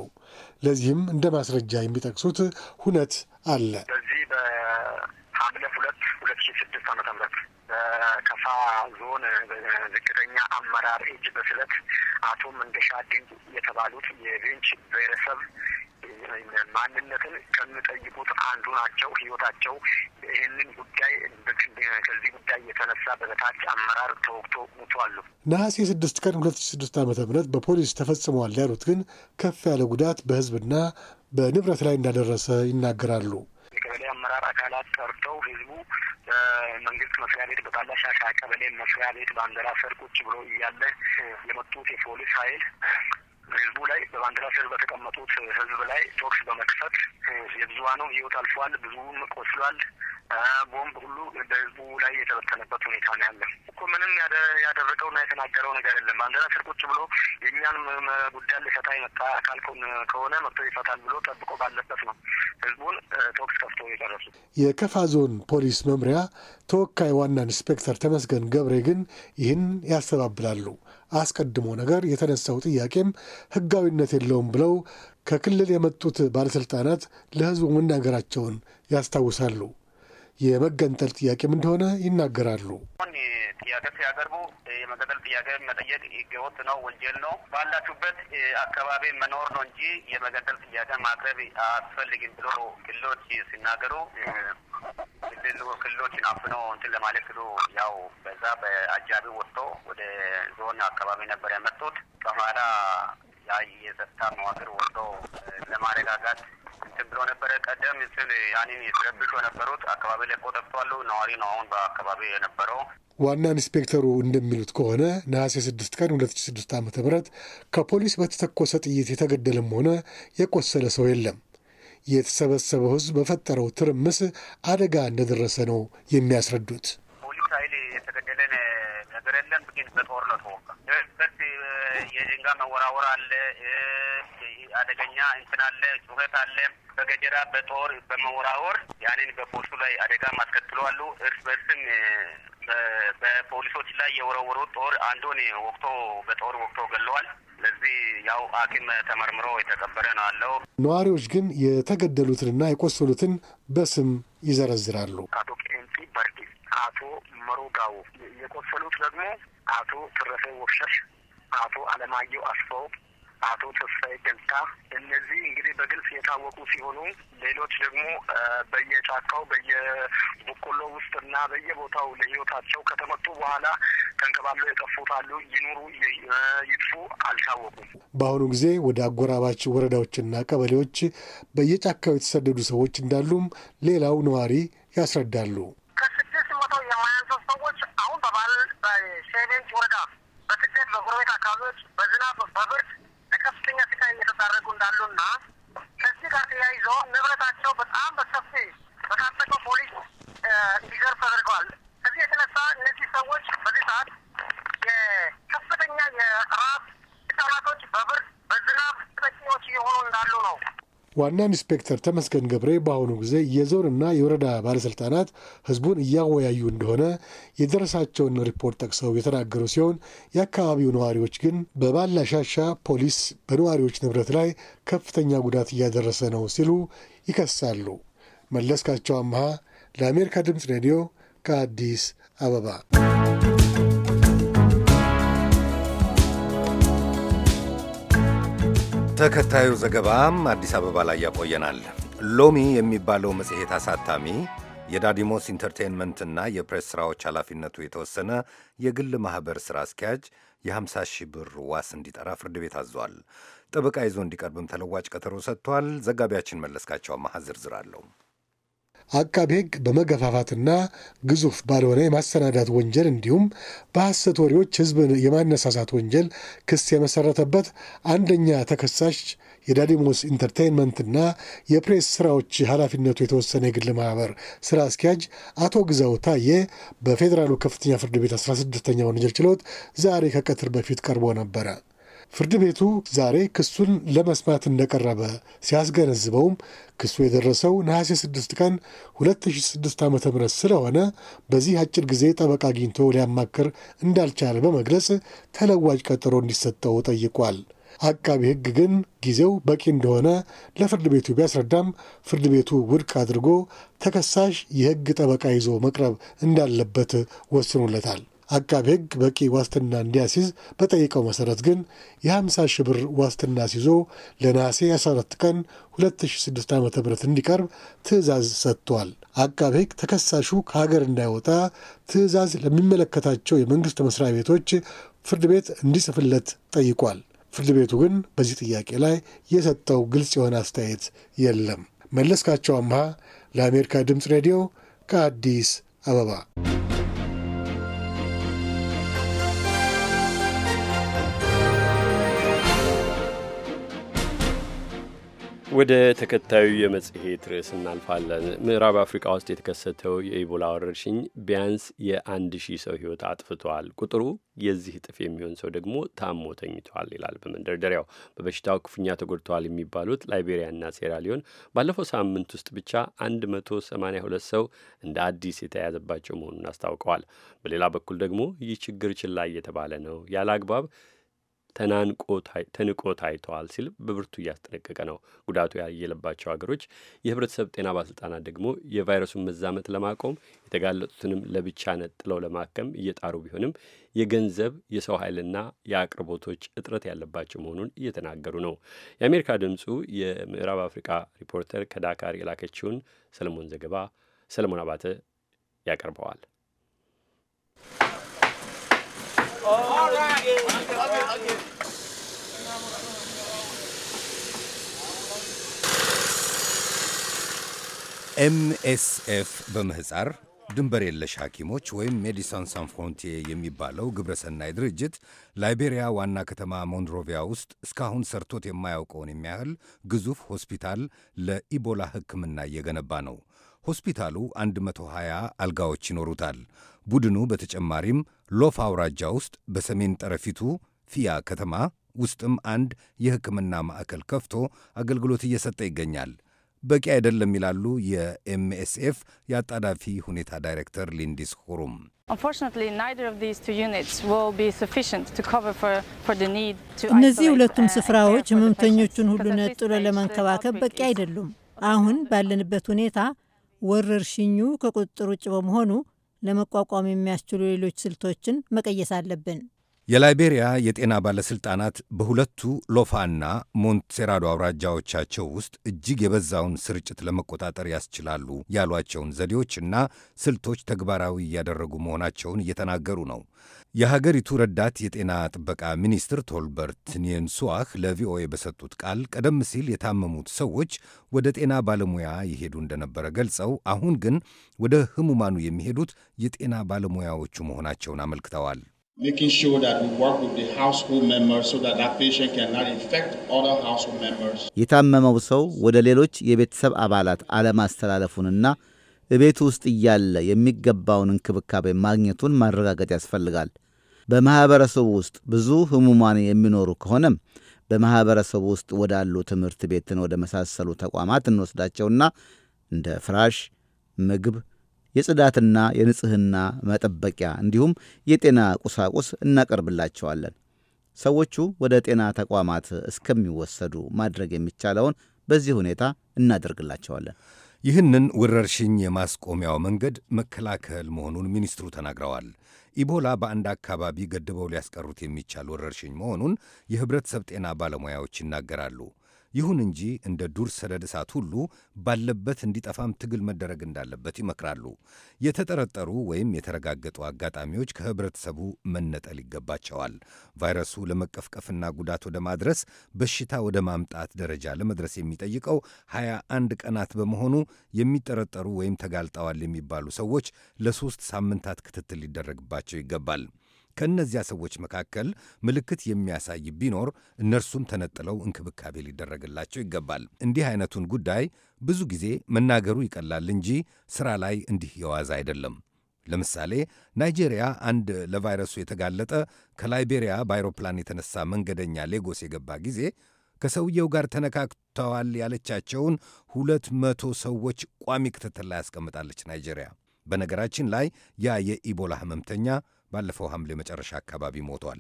ለዚህም እንደ ማስረጃ የሚጠቅሱት ሁነት አለ። በዚህ በሐምሌ ሁለት ሁለት ሺ ስድስት ዓመተ ምህረት በከፋ ዞን ዝቅተኛ አመራር እጅ በስለት አቶ መንገሻ ድንቅ የተባሉት የቤንች ብሔረሰብ ማንነትን ከሚጠይቁት አንዱ ናቸው። ህይወታቸው ይህንን ጉዳይ ከዚህ ጉዳይ የተነሳ በበታች አመራር ተወቅቶ ሙቷሉ። ነሐሴ ስድስት ቀን ሁለት ሺ ስድስት ዓመተ ምህረት በፖሊስ ተፈጽመዋል ያሉት ግን ከፍ ያለ ጉዳት በህዝብና በንብረት ላይ እንዳደረሰ ይናገራሉ። አመራር አካላት ጠርተው ህዝቡ በመንግስት መስሪያ ቤት በጣላ ቀበሌ መስሪያ ቤት ባንዲራ ስር ቁጭ ብሎ እያለ የመጡት የፖሊስ ኃይል ህዝቡ ላይ በባንዲራ ስር በተቀመጡት ህዝብ ላይ ቶክስ በመክፈት የብዙሀኑም ህይወት አልፏል። ብዙም ቆስሏል። ቦምብ ሁሉ በህዝቡ ላይ የተበተነበት ሁኔታ ነው ያለ እኮ ምንም እና የተናገረው ነገር የለም። ባንዲራ ስር ቁጭ ብሎ የእኛን ጉዳይ ልፈታ የመጣ አካል ከሆነ መጥቶ ይፈታል ብሎ ጠብቆ ባለበት ነው ህዝቡን ቶክስ ከፍቶ የደረሱ። የከፋ ዞን ፖሊስ መምሪያ ተወካይ ዋና ኢንስፔክተር ተመስገን ገብሬ ግን ይህን ያስተባብላሉ። አስቀድሞ ነገር የተነሳው ጥያቄም ሕጋዊነት የለውም ብለው ከክልል የመጡት ባለሥልጣናት ለሕዝቡ መናገራቸውን ያስታውሳሉ። የመገንጠል ጥያቄም እንደሆነ ይናገራሉ። ጥያቄ ሲያቀርቡ የመገንጠል ጥያቄ መጠየቅ ህገወጥ ነው፣ ወንጀል ነው። ባላችሁበት አካባቢ መኖር ነው እንጂ የመገንጠል ጥያቄ ማቅረብ አስፈልግም ብሎ ክልሎች ሲናገሩ ክልል ክልሎችን አፍኖ እንትን ለማለት ብሎ ያው በዛ በአጃቢ ወጥቶ ወደ ዞን አካባቢ ነበር ያመጡት። ከኋላ ያ የጸጥታ መዋቅር ወጥቶ ለማረጋጋት ቀደም ሲል ያንን ሲረብሹ የነበሩት አካባቢ ላይ ቆጠብቷሉ ነዋሪ ነው አሁን በአካባቢ የነበረው። ዋና ኢንስፔክተሩ እንደሚሉት ከሆነ ነሐሴ 6 ቀን 2006 ዓ ም ከፖሊስ በተተኮሰ ጥይት የተገደለም ሆነ የቆሰለ ሰው የለም። የተሰበሰበው ሕዝብ በፈጠረው ትርምስ አደጋ እንደደረሰ ነው የሚያስረዱት። ስለሌለን ብግን በጦርነት ወቃ በት መወራወር አለ፣ አደገኛ እንትን አለ፣ ጩኸት አለ። በገጀራ በጦር በመወራወር ያንን በፖሊሱ ላይ አደጋ ማስከትለዋሉ። እርስ በርስም በፖሊሶች ላይ የወረወሩ ጦር አንዱን ወቅቶ በጦር ወቅቶ ገለዋል። ስለዚህ ያው ሐኪም ተመርምሮ የተቀበረ ነው አለው። ነዋሪዎች ግን የተገደሉትንና የቆሰሉትን በስም ይዘረዝራሉ። አቶ መሮ የቆሰሉት ደግሞ አቶ ትረፌ ወሸሽ፣ አቶ አለማየሁ አስፋው፣ አቶ ተስፋዬ ገልታ። እነዚህ እንግዲህ በግልጽ የታወቁ ሲሆኑ ሌሎች ደግሞ በየጫካው በየበቆሎ ውስጥና በየቦታው ለህይወታቸው ከተመቱ በኋላ ተንከባለው የጠፉት አሉ። ይኑሩ ይጥፉ አልታወቁም። በአሁኑ ጊዜ ወደ አጎራባች ወረዳዎችና ቀበሌዎች በየጫካው የተሰደዱ ሰዎች እንዳሉም ሌላው ነዋሪ ያስረዳሉ። ከቦታው የማያንሱ ሰዎች አሁን በባል በሸኔንት ወረዳ በስደት በጎረቤት አካባቢዎች በዝናብ በብርድ ለከፍተኛ ስቃይ እየተዳረጉ እንዳሉና ከዚህ ጋር ተያይዞ ንብረታቸው በጣም በሰፊ በታጠቀው ፖሊስ እንዲዘርፍ ተደርገዋል። ከዚህ የተነሳ እነዚህ ሰዎች በዚህ ሰዓት የከፍተኛ የራብ ህጻናቶች በብርድ በዝናብ ተጠቂዎች እየሆኑ እንዳሉ ነው። ዋና ኢንስፔክተር ተመስገን ገብሬ በአሁኑ ጊዜ የዞንና የወረዳ ባለስልጣናት ህዝቡን እያወያዩ እንደሆነ የደረሳቸውን ሪፖርት ጠቅሰው የተናገሩ ሲሆን የአካባቢው ነዋሪዎች ግን በባላሻሻ ፖሊስ በነዋሪዎች ንብረት ላይ ከፍተኛ ጉዳት እያደረሰ ነው ሲሉ ይከሳሉ። መለስካቸው አምሃ ለአሜሪካ ድምፅ ሬዲዮ ከአዲስ አበባ ተከታዩ ዘገባም አዲስ አበባ ላይ ያቆየናል። ሎሚ የሚባለው መጽሔት አሳታሚ የዳዲሞስ ኢንተርቴንመንትና የፕሬስ ሥራዎች ኃላፊነቱ የተወሰነ የግል ማኅበር ሥራ አስኪያጅ የ50 ሺህ ብር ዋስ እንዲጠራ ፍርድ ቤት አዟል። ጠበቃ ይዞ እንዲቀርብም ተለዋጭ ቀጠሮ ሰጥቷል። ዘጋቢያችን መለስካቸው አማሃ ዝርዝር አለው። አቃቤ ሕግ በመገፋፋትና ግዙፍ ባልሆነ የማሰናዳት ወንጀል እንዲሁም በሐሰት ወሬዎች ሕዝብን የማነሳሳት ወንጀል ክስ የመሰረተበት አንደኛ ተከሳሽ የዳዲሞስ ኢንተርቴይንመንትና የፕሬስ ስራዎች ኃላፊነቱ የተወሰነ የግል ማህበር ስራ አስኪያጅ አቶ ግዛው ታዬ በፌዴራሉ ከፍተኛ ፍርድ ቤት 16ኛ ወንጀል ችሎት ዛሬ ከቀትር በፊት ቀርቦ ነበረ። ፍርድ ቤቱ ዛሬ ክሱን ለመስማት እንደቀረበ ሲያስገነዝበውም ክሱ የደረሰው ነሐሴ 6 ቀን 2006 ዓ ም ስለሆነ በዚህ አጭር ጊዜ ጠበቃ አግኝቶ ሊያማክር እንዳልቻለ በመግለጽ ተለዋጭ ቀጠሮ እንዲሰጠው ጠይቋል። አቃቢ ሕግ ግን ጊዜው በቂ እንደሆነ ለፍርድ ቤቱ ቢያስረዳም ፍርድ ቤቱ ውድቅ አድርጎ ተከሳሽ የሕግ ጠበቃ ይዞ መቅረብ እንዳለበት ወስኖለታል። አቃቤ ሕግ በቂ ዋስትና እንዲያስይዝ በጠየቀው መሠረት ግን የ50 ሺህ ብር ዋስትና ሲዞ ለነሐሴ 14 ቀን 2006 ዓ ም እንዲቀርብ ትዕዛዝ ሰጥቷል። አቃቤ ሕግ ተከሳሹ ከሀገር እንዳይወጣ ትዕዛዝ ለሚመለከታቸው የመንግሥት መሥሪያ ቤቶች ፍርድ ቤት እንዲጽፍለት ጠይቋል። ፍርድ ቤቱ ግን በዚህ ጥያቄ ላይ የሰጠው ግልጽ የሆነ አስተያየት የለም። መለስካቸው አምሃ ለአሜሪካ ድምፅ ሬዲዮ ከአዲስ አበባ ወደ ተከታዩ የመጽሔት ርዕስ እናልፋለን። ምዕራብ አፍሪካ ውስጥ የተከሰተው የኢቦላ ወረርሽኝ ቢያንስ የአንድ ሺህ ሰው ህይወት አጥፍቷል። ቁጥሩ የዚህ እጥፍ የሚሆን ሰው ደግሞ ታሞ ተኝቷል ይላል በመንደርደሪያው። በበሽታው ክፉኛ ተጎድተዋል የሚባሉት ላይቤሪያና ሴራሊዮን ባለፈው ሳምንት ውስጥ ብቻ 182 ሰው እንደ አዲስ የተያያዘባቸው መሆኑን አስታውቀዋል። በሌላ በኩል ደግሞ ይህ ችግር ችላ እየተባለ ነው ያለ አግባብ ተንቆ ታይተዋል ሲል በብርቱ እያስጠነቀቀ ነው። ጉዳቱ ያየለባቸው ሀገሮች የህብረተሰብ ጤና ባለስልጣናት ደግሞ የቫይረሱን መዛመት ለማቆም የተጋለጡትንም ለብቻ ነጥለው ለማከም እየጣሩ ቢሆንም የገንዘብ የሰው ኃይልና የአቅርቦቶች እጥረት ያለባቸው መሆኑን እየተናገሩ ነው። የአሜሪካ ድምፁ የምዕራብ አፍሪካ ሪፖርተር ከዳካር የላከችውን ሰለሞን ዘገባ ሰለሞን አባተ ያቀርበዋል። All right. ኤምኤስኤፍ በምህፃር ድንበር የለሽ ሐኪሞች ወይም ሜዲሳን ሳን ፍሮንቲር የሚባለው ግብረሰናይ ድርጅት ላይቤሪያ ዋና ከተማ ሞንድሮቪያ ውስጥ እስካሁን ሰርቶት የማያውቀውን የሚያህል ግዙፍ ሆስፒታል ለኢቦላ ሕክምና እየገነባ ነው። ሆስፒታሉ 120 አልጋዎች ይኖሩታል። ቡድኑ በተጨማሪም ሎፍ አውራጃ ውስጥ በሰሜን ጠረፊቱ ፊያ ከተማ ውስጥም አንድ የሕክምና ማዕከል ከፍቶ አገልግሎት እየሰጠ ይገኛል። በቂ አይደለም ይላሉ የኤምኤስኤፍ የአጣዳፊ ሁኔታ ዳይሬክተር ሊንዲስ ሁሩም። እነዚህ ሁለቱም ስፍራዎች ህመምተኞቹን ሁሉ ነጥሎ ለመንከባከብ በቂ አይደሉም። አሁን ባለንበት ሁኔታ ወረርሽኙ ከቁጥጥር ውጭ በመሆኑ ለመቋቋም የሚያስችሉ ሌሎች ስልቶችን መቀየስ አለብን። የላይቤሪያ የጤና ባለሥልጣናት በሁለቱ ሎፋና ሞንትሴራዶ አውራጃዎቻቸው ውስጥ እጅግ የበዛውን ስርጭት ለመቆጣጠር ያስችላሉ ያሏቸውን ዘዴዎችና ስልቶች ተግባራዊ እያደረጉ መሆናቸውን እየተናገሩ ነው። የሀገሪቱ ረዳት የጤና ጥበቃ ሚኒስትር ቶልበርት ኒየንሱዋህ ለቪኦኤ በሰጡት ቃል ቀደም ሲል የታመሙት ሰዎች ወደ ጤና ባለሙያ ይሄዱ እንደነበረ ገልጸው አሁን ግን ወደ ህሙማኑ የሚሄዱት የጤና ባለሙያዎቹ መሆናቸውን አመልክተዋል። የታመመው ሰው ወደ ሌሎች የቤተሰብ አባላት አለማስተላለፉንና እቤት ውስጥ እያለ የሚገባውን እንክብካቤ ማግኘቱን ማረጋገጥ ያስፈልጋል። በማኅበረሰቡ ውስጥ ብዙ ህሙማን የሚኖሩ ከሆነም በማኅበረሰቡ ውስጥ ወዳሉ ትምህርት ቤትን ወደ መሳሰሉ ተቋማት እንወስዳቸውና እንደ ፍራሽ፣ ምግብ፣ የጽዳትና የንጽሕና መጠበቂያ እንዲሁም የጤና ቁሳቁስ እናቀርብላቸዋለን። ሰዎቹ ወደ ጤና ተቋማት እስከሚወሰዱ ማድረግ የሚቻለውን በዚህ ሁኔታ እናደርግላቸዋለን። ይህንን ወረርሽኝ የማስቆሚያው መንገድ መከላከል መሆኑን ሚኒስትሩ ተናግረዋል። ኢቦላ በአንድ አካባቢ ገድበው ሊያስቀሩት የሚቻል ወረርሽኝ መሆኑን የህብረተሰብ ጤና ባለሙያዎች ይናገራሉ። ይሁን እንጂ እንደ ዱር ሰደድ እሳት ሁሉ ባለበት እንዲጠፋም ትግል መደረግ እንዳለበት ይመክራሉ። የተጠረጠሩ ወይም የተረጋገጡ አጋጣሚዎች ከህብረተሰቡ መነጠል ይገባቸዋል። ቫይረሱ ለመቀፍቀፍና ጉዳት ወደ ማድረስ በሽታ ወደ ማምጣት ደረጃ ለመድረስ የሚጠይቀው 21 ቀናት በመሆኑ የሚጠረጠሩ ወይም ተጋልጠዋል የሚባሉ ሰዎች ለሶስት ሳምንታት ክትትል ሊደረግባቸው ይገባል። ከእነዚያ ሰዎች መካከል ምልክት የሚያሳይ ቢኖር እነርሱም ተነጥለው እንክብካቤ ሊደረግላቸው ይገባል። እንዲህ አይነቱን ጉዳይ ብዙ ጊዜ መናገሩ ይቀላል እንጂ ሥራ ላይ እንዲህ የዋዛ አይደለም። ለምሳሌ ናይጄሪያ አንድ ለቫይረሱ የተጋለጠ ከላይቤሪያ በአይሮፕላን የተነሳ መንገደኛ ሌጎስ የገባ ጊዜ ከሰውየው ጋር ተነካክተዋል ያለቻቸውን ሁለት መቶ ሰዎች ቋሚ ክትትል ላይ ያስቀምጣለች ናይጄሪያ። በነገራችን ላይ ያ የኢቦላ ህመምተኛ። ባለፈው ሐምሌ መጨረሻ አካባቢ ሞቷል።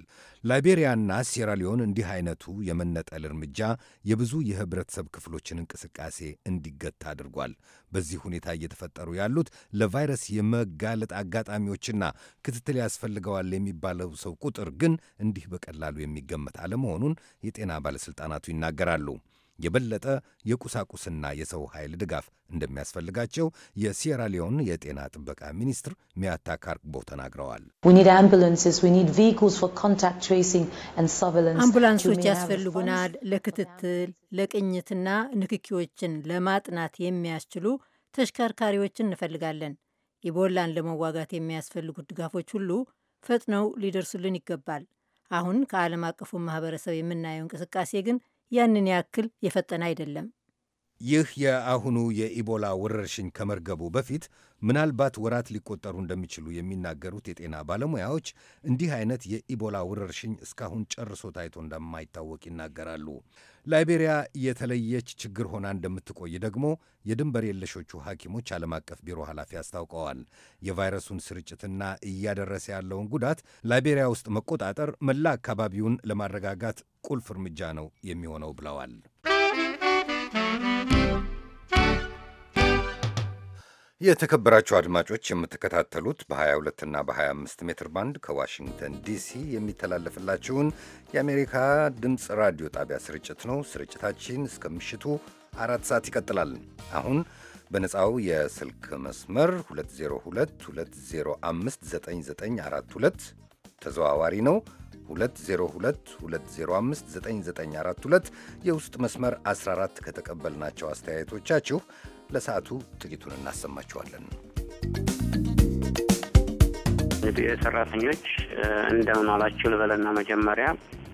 ላይቤሪያና ሴራሊዮን እንዲህ አይነቱ የመነጠል እርምጃ የብዙ የህብረተሰብ ክፍሎችን እንቅስቃሴ እንዲገታ አድርጓል። በዚህ ሁኔታ እየተፈጠሩ ያሉት ለቫይረስ የመጋለጥ አጋጣሚዎችና ክትትል ያስፈልገዋል የሚባለው ሰው ቁጥር ግን እንዲህ በቀላሉ የሚገመት አለመሆኑን የጤና ባለሥልጣናቱ ይናገራሉ። የበለጠ የቁሳቁስና የሰው ኃይል ድጋፍ እንደሚያስፈልጋቸው የሲየራ ሊዮን የጤና ጥበቃ ሚኒስትር ሚያታ ካርክቦ ተናግረዋል። አምቡላንሶች ያስፈልጉናል። ለክትትል ለቅኝትና ንክኪዎችን ለማጥናት የሚያስችሉ ተሽከርካሪዎችን እንፈልጋለን። ኢቦላን ለመዋጋት የሚያስፈልጉት ድጋፎች ሁሉ ፈጥነው ሊደርሱልን ይገባል። አሁን ከዓለም አቀፉ ማህበረሰብ የምናየው እንቅስቃሴ ግን ያንን ያክል የፈጠነ አይደለም ይህ የአሁኑ የኢቦላ ወረርሽኝ ከመርገቡ በፊት ምናልባት ወራት ሊቆጠሩ እንደሚችሉ የሚናገሩት የጤና ባለሙያዎች እንዲህ አይነት የኢቦላ ወረርሽኝ እስካሁን ጨርሶ ታይቶ እንደማይታወቅ ይናገራሉ። ላይቤሪያ የተለየች ችግር ሆና እንደምትቆይ ደግሞ የድንበር የለሾቹ ሐኪሞች ዓለም አቀፍ ቢሮ ኃላፊ አስታውቀዋል። የቫይረሱን ስርጭትና እያደረሰ ያለውን ጉዳት ላይቤሪያ ውስጥ መቆጣጠር መላ አካባቢውን ለማረጋጋት ቁልፍ እርምጃ ነው የሚሆነው ብለዋል። የተከበራችሁ አድማጮች የምትከታተሉት በ22 እና በ25 ሜትር ባንድ ከዋሽንግተን ዲሲ የሚተላለፍላችሁን የአሜሪካ ድምፅ ራዲዮ ጣቢያ ስርጭት ነው። ስርጭታችን እስከ ምሽቱ አራት ሰዓት ይቀጥላል። አሁን በነፃው የስልክ መስመር 2022059942 ተዘዋዋሪ ነው 2022059942 የውስጥ መስመር 14 ከተቀበልናቸው አስተያየቶቻችሁ ለሰዓቱ ጥቂቱን እናሰማችኋለን። እንግዲህ ሰራተኞች እንደምን አላችሁ ልበለና መጀመሪያ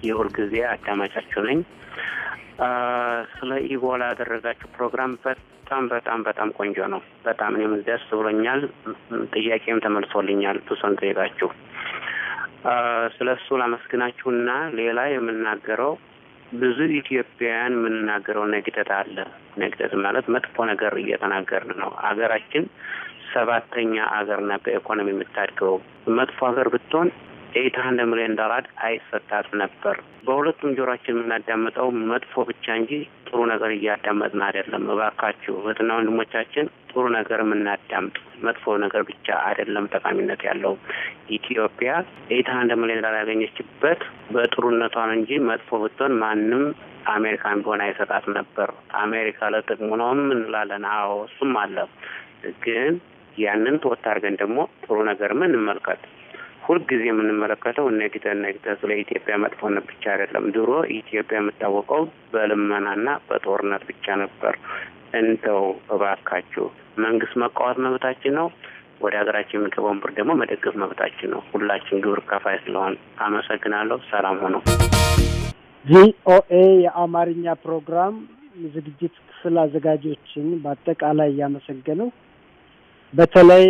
የሁል ጊዜ አዳማጫችሁ ነኝ። ስለ ኢቦላ ያደረጋችሁ ፕሮግራም በጣም በጣም በጣም ቆንጆ ነው። በጣም እኔም ደስ ብሎኛል። ጥያቄም ተመልሶልኛል። ቱሰን ጠይቃችሁ ስለ እሱ ላመስግናችሁና ሌላ የምናገረው ብዙ ኢትዮጵያውያን የምንናገረው ነግደት አለ። ነግደት ማለት መጥፎ ነገር እየተናገርን ነው። አገራችን ሰባተኛ አገር ናት በኢኮኖሚ የምታድገው። መጥፎ ሀገር ብትሆን የኢትሃ እንደምሬ እንዳራድ አይሰጣት ነበር። በሁለቱም ጆሮችን የምናዳምጠው መጥፎ ብቻ እንጂ ጥሩ ነገር እያዳመጥን አይደለም። እባካችሁ እህትና ወንድሞቻችን ጥሩ ነገር የምናዳምጥ መጥፎ ነገር ብቻ አይደለም ጠቃሚነት ያለው። ኢትዮጵያ ኢትሃ እንደምሬ እንዳራድ ያገኘችበት በጥሩነቷን እንጂ መጥፎ ብትሆን ማንም አሜሪካን ቢሆን አይሰጣት ነበር። አሜሪካ ለጥቅሙ ነውም እንላለን። አዎ እሱም አለ ግን ያንን ተወት አድርገን ደግሞ ጥሩ ነገር ምን እንመልከት። ሁልጊዜ የምንመለከተው እነግተ እነግተ ስለ ኢትዮጵያ መጥፎነት ብቻ አይደለም። ድሮ ኢትዮጵያ የምታወቀው በልመናና በጦርነት ብቻ ነበር። እንተው እባካችሁ፣ መንግስት መቃወት መብታችን ነው። ወደ ሀገራችን የሚገባውን ብር ደግሞ መደገፍ መብታችን ነው። ሁላችን ግብር ከፋይ ስለሆን አመሰግናለሁ። ሰላም ሆኖ ቪኦኤ የአማርኛ ፕሮግራም ዝግጅት ክፍል አዘጋጆችን በአጠቃላይ እያመሰገነው በተለይ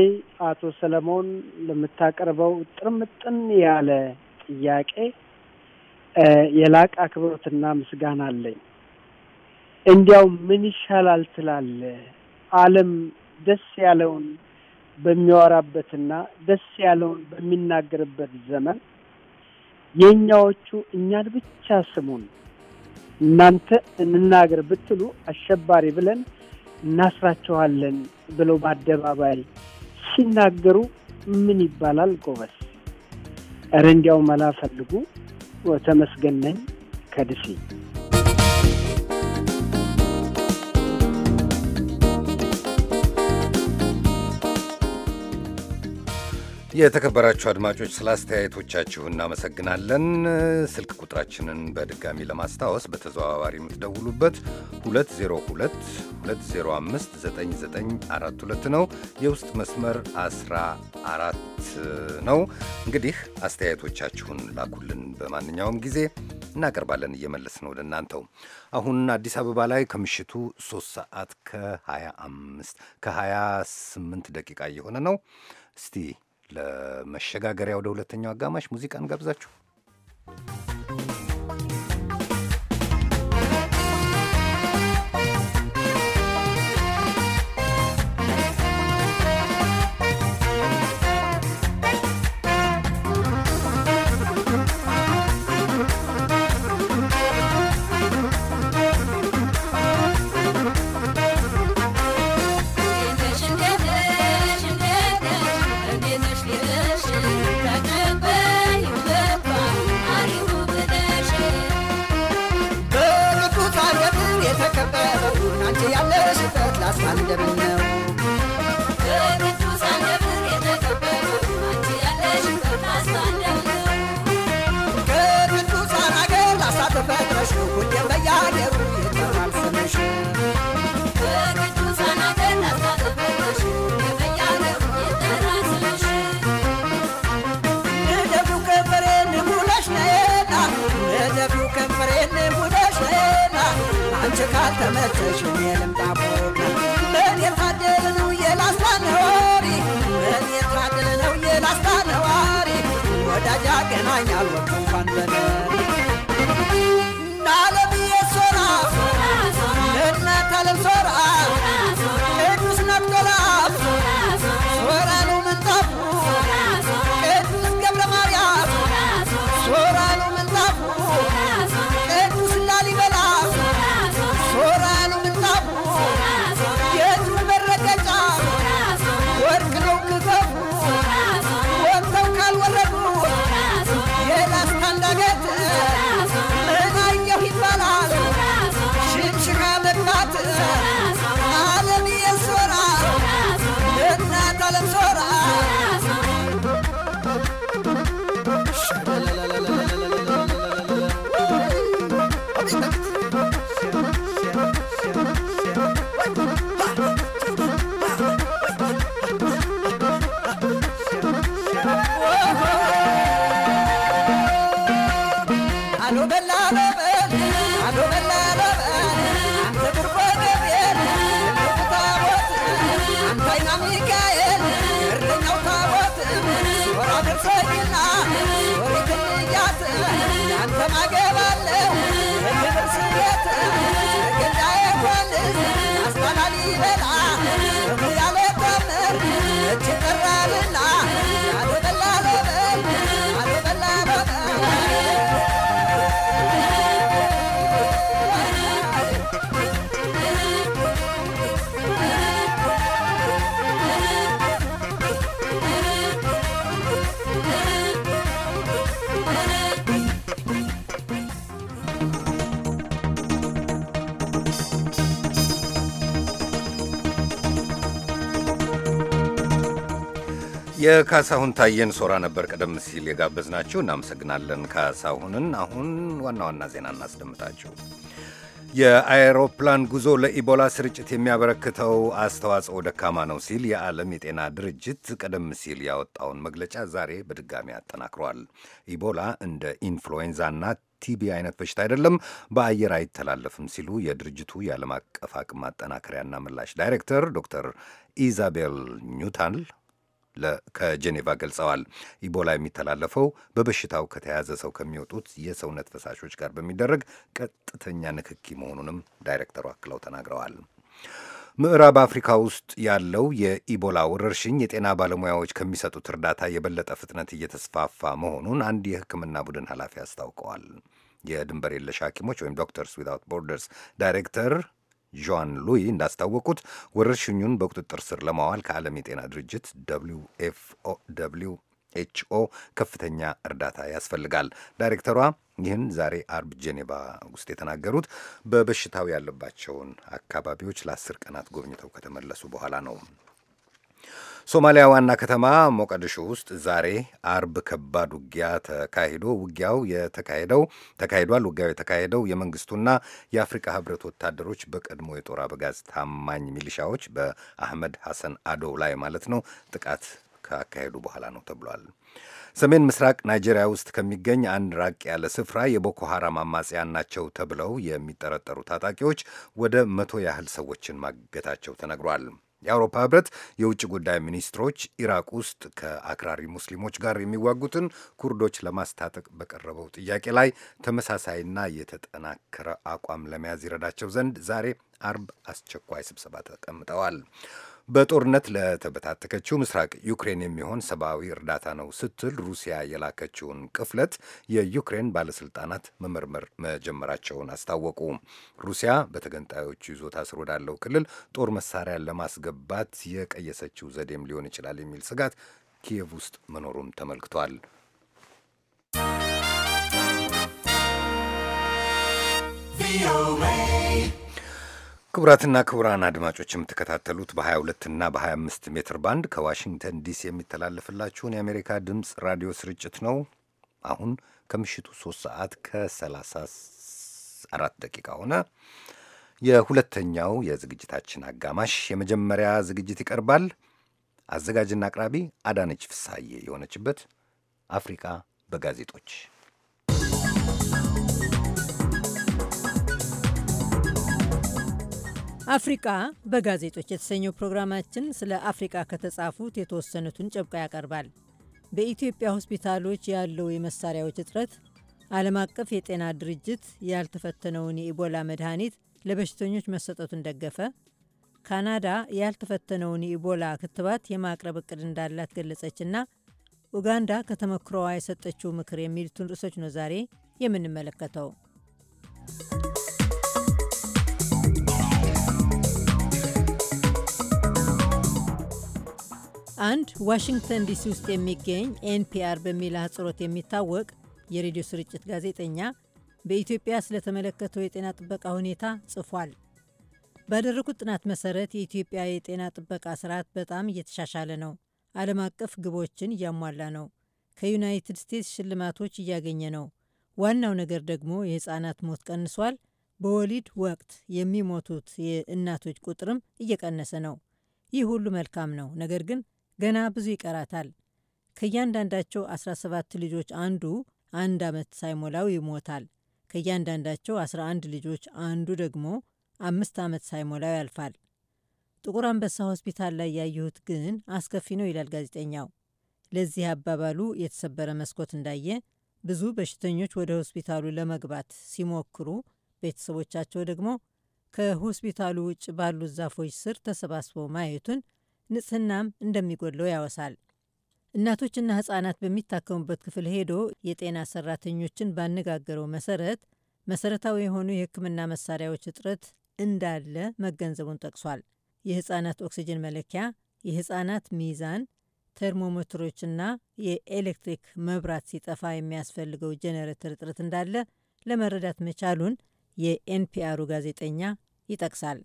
አቶ ሰለሞን ለምታቀርበው ጥርምጥን ያለ ጥያቄ የላቅ አክብሮትና ምስጋና አለኝ። እንዲያው ምን ይሻላል ትላለ ዓለም ደስ ያለውን በሚያወራበትና ደስ ያለውን በሚናገርበት ዘመን የእኛዎቹ እኛን ብቻ ስሙን እናንተ እንናገር ብትሉ አሸባሪ ብለን እናስራቸዋለን ብለው በአደባባይ ሲናገሩ ምን ይባላል? ጎበስ እረ እንዲያው መላ ፈልጉ። ተመስገን ነኝ ከድሴ የተከበራችሁ አድማጮች ስለ አስተያየቶቻችሁ እናመሰግናለን። ስልክ ቁጥራችንን በድጋሚ ለማስታወስ በተዘዋዋሪ የምትደውሉበት 2022059942 ነው። የውስጥ መስመር 14 ነው። እንግዲህ አስተያየቶቻችሁን ላኩልን። በማንኛውም ጊዜ እናቀርባለን እየመለስ ነው ለእናንተው። አሁን አዲስ አበባ ላይ ከምሽቱ 3 ሰዓት ከ25 ከ28 ደቂቃ እየሆነ ነው። እስቲ ለመሸጋገሪያ ወደ ሁለተኛው አጋማሽ ሙዚቃን ጋብዛችሁ የካሳሁን ታየን ሶራ ነበር ቀደም ሲል የጋበዝናችሁ። እናመሰግናለን ካሳሁንን። አሁን ዋና ዋና ዜና እናስደምጣችሁ። የአይሮፕላን ጉዞ ለኢቦላ ስርጭት የሚያበረክተው አስተዋጽኦ ደካማ ነው ሲል የዓለም የጤና ድርጅት ቀደም ሲል ያወጣውን መግለጫ ዛሬ በድጋሚ አጠናክሯል። ኢቦላ እንደ ኢንፍሉዌንዛና ቲቢ አይነት በሽታ አይደለም፣ በአየር አይተላለፍም ሲሉ የድርጅቱ የዓለም አቀፍ አቅም ማጠናከሪያና ምላሽ ዳይሬክተር ዶክተር ኢዛቤል ኒውታል ከጄኔቫ ገልጸዋል። ኢቦላ የሚተላለፈው በበሽታው ከተያዘ ሰው ከሚወጡት የሰውነት ፈሳሾች ጋር በሚደረግ ቀጥተኛ ንክኪ መሆኑንም ዳይሬክተሩ አክለው ተናግረዋል። ምዕራብ አፍሪካ ውስጥ ያለው የኢቦላ ወረርሽኝ የጤና ባለሙያዎች ከሚሰጡት እርዳታ የበለጠ ፍጥነት እየተስፋፋ መሆኑን አንድ የሕክምና ቡድን ኃላፊ አስታውቀዋል። የድንበር የለሽ ሐኪሞች ወይም ዶክተርስ ዊዛውት ቦርደርስ ዳይሬክተር ጆን ሉይ እንዳስታወቁት ወረርሽኙን በቁጥጥር ስር ለማዋል ከዓለም የጤና ድርጅት ደብሊው ኤችኦ ከፍተኛ እርዳታ ያስፈልጋል። ዳይሬክተሯ ይህን ዛሬ አርብ ጄኔቫ ውስጥ የተናገሩት በበሽታው ያለባቸውን አካባቢዎች ለአስር ቀናት ጎብኝተው ከተመለሱ በኋላ ነው። ሶማሊያ ዋና ከተማ ሞቃዲሾ ውስጥ ዛሬ አርብ ከባድ ውጊያ ተካሂዶ ውጊያው የተካሄደው ተካሂዷል። ውጊያው የተካሄደው የመንግስቱና የአፍሪካ ህብረት ወታደሮች በቀድሞ የጦር አበጋዝ ታማኝ ሚሊሻዎች በአህመድ ሐሰን አዶ ላይ ማለት ነው ጥቃት ካካሄዱ በኋላ ነው ተብሏል። ሰሜን ምስራቅ ናይጄሪያ ውስጥ ከሚገኝ አንድ ራቅ ያለ ስፍራ የቦኮ ሐራም አማጽያን ናቸው ተብለው የሚጠረጠሩ ታጣቂዎች ወደ መቶ ያህል ሰዎችን ማገታቸው ተነግሯል። የአውሮፓ ህብረት የውጭ ጉዳይ ሚኒስትሮች ኢራቅ ውስጥ ከአክራሪ ሙስሊሞች ጋር የሚዋጉትን ኩርዶች ለማስታጠቅ በቀረበው ጥያቄ ላይ ተመሳሳይና የተጠናከረ አቋም ለመያዝ ይረዳቸው ዘንድ ዛሬ አርብ አስቸኳይ ስብሰባ ተቀምጠዋል። በጦርነት ለተበታተከችው ምስራቅ ዩክሬን የሚሆን ሰብአዊ እርዳታ ነው ስትል ሩሲያ የላከችውን ቅፍለት የዩክሬን ባለስልጣናት መመርመር መጀመራቸውን አስታወቁ። ሩሲያ በተገንጣዮቹ ይዞታ ስር ወዳለው ክልል ጦር መሳሪያ ለማስገባት የቀየሰችው ዘዴም ሊሆን ይችላል የሚል ስጋት ኪየቭ ውስጥ መኖሩም ተመልክቷል። ቪኦኤ ክቡራትና ክቡራን አድማጮች የምትከታተሉት በ22 እና በ25 ሜትር ባንድ ከዋሽንግተን ዲሲ የሚተላለፍላችሁን የአሜሪካ ድምፅ ራዲዮ ስርጭት ነው። አሁን ከምሽቱ 3 ሰዓት ከ34 ደቂቃ ሆነ። የሁለተኛው የዝግጅታችን አጋማሽ የመጀመሪያ ዝግጅት ይቀርባል። አዘጋጅና አቅራቢ አዳነች ፍሳዬ የሆነችበት አፍሪካ በጋዜጦች አፍሪቃ በጋዜጦች የተሰኘው ፕሮግራማችን ስለ አፍሪቃ ከተጻፉት የተወሰኑትን ጨብቃ ያቀርባል። በኢትዮጵያ ሆስፒታሎች ያለው የመሳሪያዎች እጥረት፣ ዓለም አቀፍ የጤና ድርጅት ያልተፈተነውን የኢቦላ መድኃኒት ለበሽተኞች መሰጠቱን ደገፈ፣ ካናዳ ያልተፈተነውን የኢቦላ ክትባት የማቅረብ እቅድ እንዳላት ገለጸችና ኡጋንዳ ከተመክሮዋ የሰጠችው ምክር የሚሉትን ርዕሶች ነው ዛሬ የምንመለከተው። አንድ ዋሽንግተን ዲሲ ውስጥ የሚገኝ ኤንፒአር በሚል አህጽሮት የሚታወቅ የሬዲዮ ስርጭት ጋዜጠኛ በኢትዮጵያ ስለተመለከተው የጤና ጥበቃ ሁኔታ ጽፏል። ባደረጉት ጥናት መሰረት የኢትዮጵያ የጤና ጥበቃ ስርዓት በጣም እየተሻሻለ ነው፣ ዓለም አቀፍ ግቦችን እያሟላ ነው፣ ከዩናይትድ ስቴትስ ሽልማቶች እያገኘ ነው። ዋናው ነገር ደግሞ የሕፃናት ሞት ቀንሷል። በወሊድ ወቅት የሚሞቱት የእናቶች ቁጥርም እየቀነሰ ነው። ይህ ሁሉ መልካም ነው። ነገር ግን ገና ብዙ ይቀራታል። ከእያንዳንዳቸው 17 ልጆች አንዱ አንድ ዓመት ሳይሞላው ይሞታል። ከእያንዳንዳቸው 11 ልጆች አንዱ ደግሞ አምስት ዓመት ሳይሞላው ያልፋል። ጥቁር አንበሳ ሆስፒታል ላይ ያየሁት ግን አስከፊ ነው ይላል ጋዜጠኛው። ለዚህ አባባሉ የተሰበረ መስኮት እንዳየ ብዙ በሽተኞች ወደ ሆስፒታሉ ለመግባት ሲሞክሩ፣ ቤተሰቦቻቸው ደግሞ ከሆስፒታሉ ውጭ ባሉት ዛፎች ስር ተሰባስበው ማየቱን ንጽህናም እንደሚጎድለው ያወሳል። እናቶችና ህጻናት በሚታከሙበት ክፍል ሄዶ የጤና ሰራተኞችን ባነጋገረው መሰረት መሰረታዊ የሆኑ የህክምና መሳሪያዎች እጥረት እንዳለ መገንዘቡን ጠቅሷል። የህጻናት ኦክሲጅን መለኪያ፣ የህጻናት ሚዛን፣ ተርሞሜትሮችና የኤሌክትሪክ መብራት ሲጠፋ የሚያስፈልገው ጄኔሬተር እጥረት እንዳለ ለመረዳት መቻሉን የኤንፒአሩ ጋዜጠኛ ይጠቅሳል።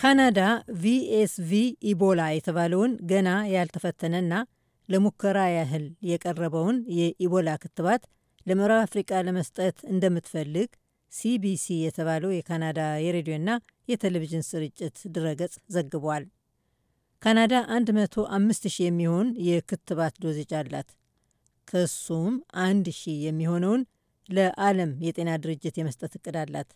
ካናዳ ቪኤስቪ ኢቦላ የተባለውን ገና ያልተፈተነና ለሙከራ ያህል የቀረበውን የኢቦላ ክትባት ለምዕራብ አፍሪቃ ለመስጠት እንደምትፈልግ ሲቢሲ የተባለው የካናዳ የሬዲዮና የቴሌቪዥን ስርጭት ድረገጽ ዘግቧል። ካናዳ 105,000 የሚሆን የክትባት ዶዜጅ አላት። ከሱም 1,000 የሚሆነውን ለዓለም የጤና ድርጅት የመስጠት እቅድ አላት።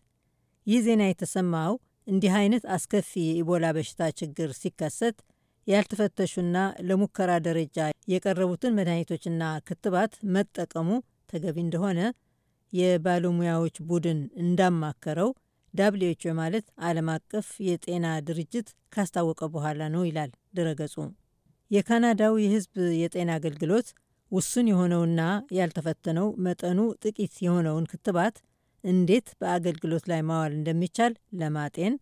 ይህ ዜና የተሰማው እንዲህ አይነት አስከፊ የኢቦላ በሽታ ችግር ሲከሰት ያልተፈተሹና ለሙከራ ደረጃ የቀረቡትን መድኃኒቶችና ክትባት መጠቀሙ ተገቢ እንደሆነ የባለሙያዎች ቡድን እንዳማከረው ዳብሊው ማለት ዓለም አቀፍ የጤና ድርጅት ካስታወቀ በኋላ ነው ይላል ድረገጹ። የካናዳው የሕዝብ የጤና አገልግሎት ውሱን የሆነውና ያልተፈተነው መጠኑ ጥቂት የሆነውን ክትባት እንዴት በአገልግሎት ላይ ማዋል እንደሚቻል ለማጤን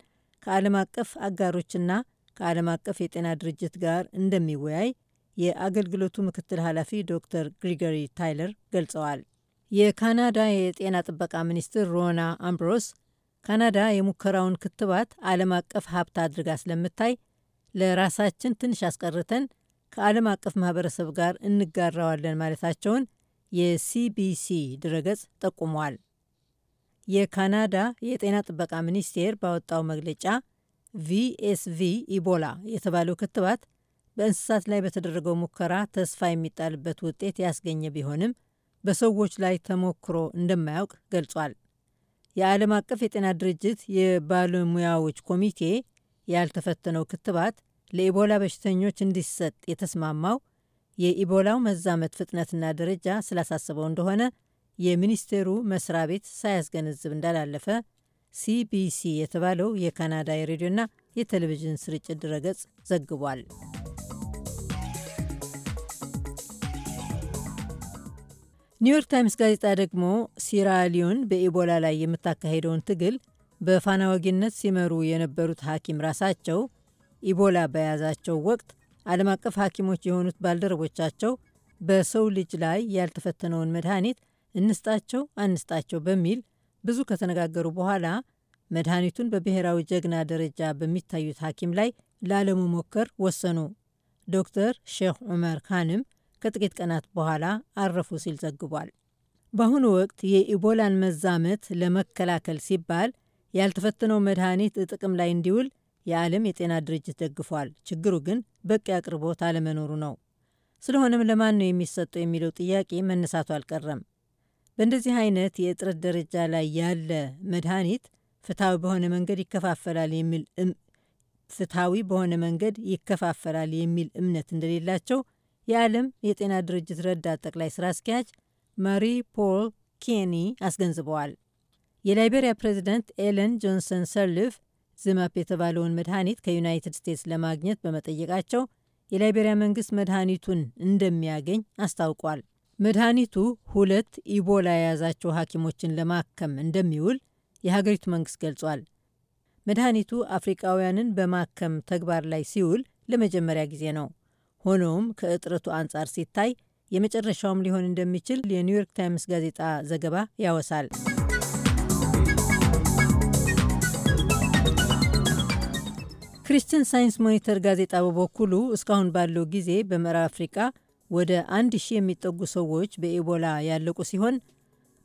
ከዓለም አቀፍ አጋሮችና ከዓለም አቀፍ የጤና ድርጅት ጋር እንደሚወያይ የአገልግሎቱ ምክትል ኃላፊ ዶክተር ግሪጎሪ ታይለር ገልጸዋል። የካናዳ የጤና ጥበቃ ሚኒስትር ሮና አምብሮስ ካናዳ የሙከራውን ክትባት ዓለም አቀፍ ሀብት አድርጋ ስለምታይ ለራሳችን ትንሽ አስቀርተን ከዓለም አቀፍ ማህበረሰብ ጋር እንጋራዋለን ማለታቸውን የሲቢሲ ድረገጽ ጠቁሟል። የካናዳ የጤና ጥበቃ ሚኒስቴር ባወጣው መግለጫ ቪኤስቪ ኢቦላ የተባለው ክትባት በእንስሳት ላይ በተደረገው ሙከራ ተስፋ የሚጣልበት ውጤት ያስገኘ ቢሆንም በሰዎች ላይ ተሞክሮ እንደማያውቅ ገልጿል። የዓለም አቀፍ የጤና ድርጅት የባለሙያዎች ኮሚቴ ያልተፈተነው ክትባት ለኢቦላ በሽተኞች እንዲሰጥ የተስማማው የኢቦላው መዛመት ፍጥነትና ደረጃ ስላሳሰበው እንደሆነ የሚኒስቴሩ መስሪያ ቤት ሳያስገነዝብ እንዳላለፈ ሲቢሲ የተባለው የካናዳ የሬዲዮና የቴሌቪዥን ስርጭት ድረገጽ ዘግቧል። ኒውዮርክ ታይምስ ጋዜጣ ደግሞ ሲራሊዮን በኢቦላ ላይ የምታካሄደውን ትግል በፋናወጊነት ሲመሩ የነበሩት ሐኪም ራሳቸው ኢቦላ በያዛቸው ወቅት ዓለም አቀፍ ሐኪሞች የሆኑት ባልደረቦቻቸው በሰው ልጅ ላይ ያልተፈተነውን መድኃኒት እንስጣቸው አንስጣቸው በሚል ብዙ ከተነጋገሩ በኋላ መድኃኒቱን በብሔራዊ ጀግና ደረጃ በሚታዩት ሐኪም ላይ ላለመሞከር ወሰኑ። ዶክተር ሼክ ዑመር ካንም ከጥቂት ቀናት በኋላ አረፉ ሲል ዘግቧል። በአሁኑ ወቅት የኢቦላን መዛመት ለመከላከል ሲባል ያልተፈተነው መድኃኒት ጥቅም ላይ እንዲውል የዓለም የጤና ድርጅት ደግፏል። ችግሩ ግን በቂ አቅርቦት አለመኖሩ ነው። ስለሆነም ለማን ነው የሚሰጠው የሚለው ጥያቄ መነሳቱ አልቀረም። በእንደዚህ አይነት የእጥረት ደረጃ ላይ ያለ መድኃኒት ፍትሐዊ በሆነ መንገድ ይከፋፈላል የሚል ፍትሐዊ በሆነ መንገድ ይከፋፈላል የሚል እምነት እንደሌላቸው የዓለም የጤና ድርጅት ረዳት ጠቅላይ ስራ አስኪያጅ ማሪ ፖል ኬኒ አስገንዝበዋል። የላይቤሪያ ፕሬዚደንት ኤለን ጆንሰን ሰርልፍ ዝማፕ የተባለውን መድኃኒት ከዩናይትድ ስቴትስ ለማግኘት በመጠየቃቸው የላይቤሪያ መንግስት መድኃኒቱን እንደሚያገኝ አስታውቋል። መድኃኒቱ ሁለት ኢቦላ የያዛቸው ሐኪሞችን ለማከም እንደሚውል የሀገሪቱ መንግሥት ገልጿል። መድኃኒቱ አፍሪቃውያንን በማከም ተግባር ላይ ሲውል ለመጀመሪያ ጊዜ ነው። ሆኖም ከእጥረቱ አንጻር ሲታይ የመጨረሻውም ሊሆን እንደሚችል የኒውዮርክ ታይምስ ጋዜጣ ዘገባ ያወሳል። ክሪስቲያን ሳይንስ ሞኒተር ጋዜጣ በበኩሉ እስካሁን ባለው ጊዜ በምዕራብ አፍሪቃ ወደ አንድ ሺህ የሚጠጉ ሰዎች በኢቦላ ያለቁ ሲሆን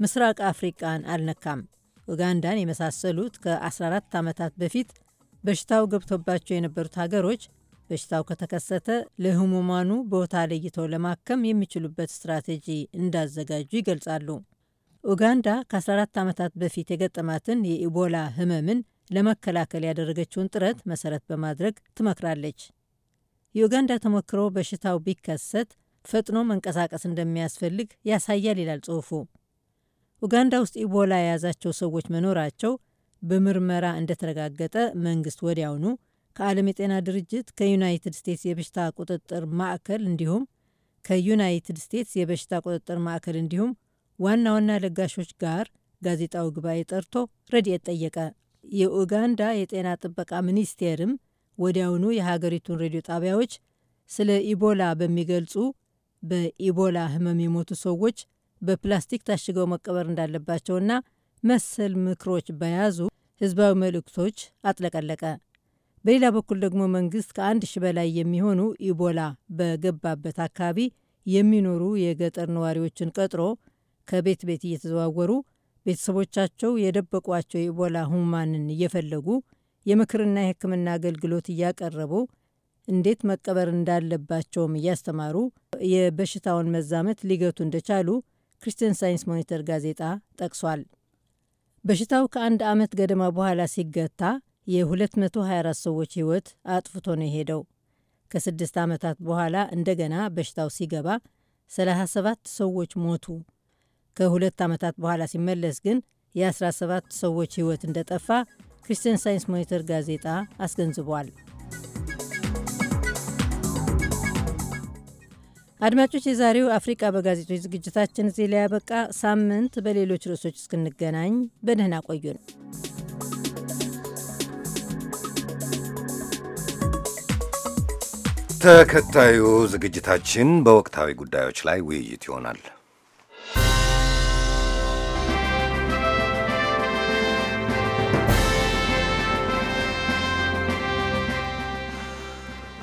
ምስራቅ አፍሪቃን አልነካም። ኡጋንዳን የመሳሰሉት ከ14 ዓመታት በፊት በሽታው ገብቶባቸው የነበሩት ሀገሮች በሽታው ከተከሰተ ለህሙማኑ ቦታ ለይተው ለማከም የሚችሉበት ስትራቴጂ እንዳዘጋጁ ይገልጻሉ። ኡጋንዳ ከ14 ዓመታት በፊት የገጠማትን የኢቦላ ህመምን ለመከላከል ያደረገችውን ጥረት መሰረት በማድረግ ትመክራለች። የኡጋንዳ ተሞክሮ በሽታው ቢከሰት ፈጥኖ መንቀሳቀስ እንደሚያስፈልግ ያሳያል ይላል ጽሑፉ። ኡጋንዳ ውስጥ ኢቦላ የያዛቸው ሰዎች መኖራቸው በምርመራ እንደተረጋገጠ መንግስት ወዲያውኑ ከዓለም የጤና ድርጅት ከዩናይትድ ስቴትስ የበሽታ ቁጥጥር ማዕከል እንዲሁም ከዩናይትድ ስቴትስ የበሽታ ቁጥጥር ማዕከል እንዲሁም ዋና ዋና ለጋሾች ጋር ጋዜጣዊ ጉባኤ ጠርቶ ረድኤት ጠየቀ። የኡጋንዳ የጤና ጥበቃ ሚኒስቴርም ወዲያውኑ የሀገሪቱን ሬዲዮ ጣቢያዎች ስለ ኢቦላ በሚገልጹ በኢቦላ ህመም የሞቱ ሰዎች በፕላስቲክ ታሽገው መቀበር እንዳለባቸውና መሰል ምክሮች በያዙ ህዝባዊ መልእክቶች አጥለቀለቀ። በሌላ በኩል ደግሞ መንግስት ከአንድ ሺ በላይ የሚሆኑ ኢቦላ በገባበት አካባቢ የሚኖሩ የገጠር ነዋሪዎችን ቀጥሮ ከቤት ቤት እየተዘዋወሩ ቤተሰቦቻቸው የደበቋቸው የኢቦላ ህሙማንን እየፈለጉ የምክርና የሕክምና አገልግሎት እያቀረቡ እንዴት መቀበር እንዳለባቸውም እያስተማሩ የበሽታውን መዛመት ሊገቱ እንደቻሉ ክርስቲያን ሳይንስ ሞኒተር ጋዜጣ ጠቅሷል። በሽታው ከአንድ ዓመት ገደማ በኋላ ሲገታ የ224 ሰዎች ሕይወት አጥፍቶ ነው የሄደው። ከስድስት ዓመታት በኋላ እንደገና በሽታው ሲገባ 37 ሰዎች ሞቱ። ከሁለት ዓመታት በኋላ ሲመለስ ግን የ17 ሰዎች ሕይወት እንደጠፋ ክርስቲያን ሳይንስ ሞኒተር ጋዜጣ አስገንዝቧል። አድማጮች፣ የዛሬው አፍሪቃ በጋዜጦች ዝግጅታችን እዚህ ላይ ያበቃ። ሳምንት በሌሎች ርዕሶች እስክንገናኝ በደህና ቆዩን። ተከታዩ ዝግጅታችን በወቅታዊ ጉዳዮች ላይ ውይይት ይሆናል።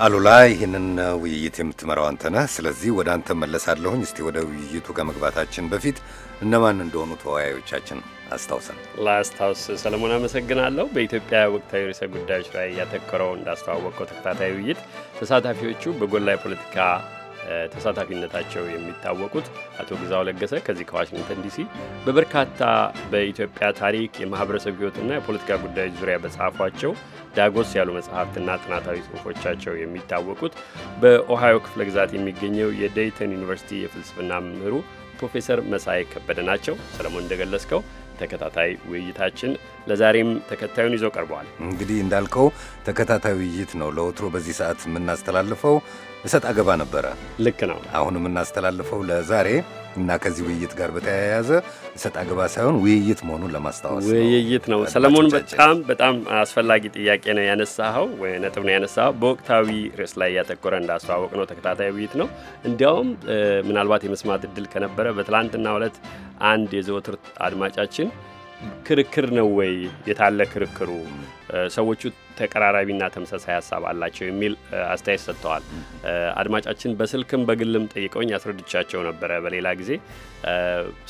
አሉላ፣ ይህንን ውይይት የምትመራው አንተነህ። ስለዚህ ወደ አንተ መለሳለሁኝ። እስቲ ወደ ውይይቱ ከመግባታችን በፊት እነማን እንደሆኑ ተወያዮቻችን አስታውሰን። ላስታውስ ሰለሞን፣ አመሰግናለሁ። በኢትዮጵያ ወቅታዊ ርዕሰ ጉዳዮች ላይ ያተኮረው እንዳስተዋወቀው ተከታታይ ውይይት ተሳታፊዎቹ በጎላ የፖለቲካ ተሳታፊነታቸው የሚታወቁት አቶ ግዛው ለገሰ ከዚህ ከዋሽንግተን ዲሲ በበርካታ በኢትዮጵያ ታሪክ የማህበረሰብ ህይወትና የፖለቲካ ጉዳዮች ዙሪያ በጻፏቸው ዳጎስ ያሉ መጽሐፍትና ጥናታዊ ጽሁፎቻቸው የሚታወቁት በኦሃዮ ክፍለ ግዛት የሚገኘው የደይተን ዩኒቨርሲቲ የፍልስፍና መምህሩ ፕሮፌሰር መሳይ ከበደ ናቸው። ሰለሞን እንደገለጽከው ተከታታይ ውይይታችን ለዛሬም ተከታዩን ይዞ ቀርበዋል። እንግዲህ እንዳልከው ተከታታይ ውይይት ነው። ለወትሮ በዚህ ሰዓት የምናስተላልፈው እሰጥ አገባ ነበረ። ልክ ነው። አሁን የምናስተላልፈው ለዛሬ እና ከዚህ ውይይት ጋር በተያያዘ እሰጥ አገባ ሳይሆን ውይይት መሆኑን ለማስታወስ ውይይት ነው። ሰለሞን፣ በጣም በጣም አስፈላጊ ጥያቄ ነው ያነሳኸው፣ ወይ ነጥብ ነው ያነሳኸው። በወቅታዊ ርዕስ ላይ እያተኮረ እንዳስተዋወቅ ነው ተከታታይ ውይይት ነው። እንዲያውም ምናልባት የመስማት እድል ከነበረ በትላንትና ዕለት አንድ የዘወትር አድማጫችን ክርክር ነው ወይ የታለ ክርክሩ ሰዎቹ ተቀራራቢና ተመሳሳይ ሀሳብ አላቸው የሚል አስተያየት ሰጥተዋል። አድማጫችን በስልክም በግልም ጠይቀውኝ አስረድቻቸው ነበረ። በሌላ ጊዜ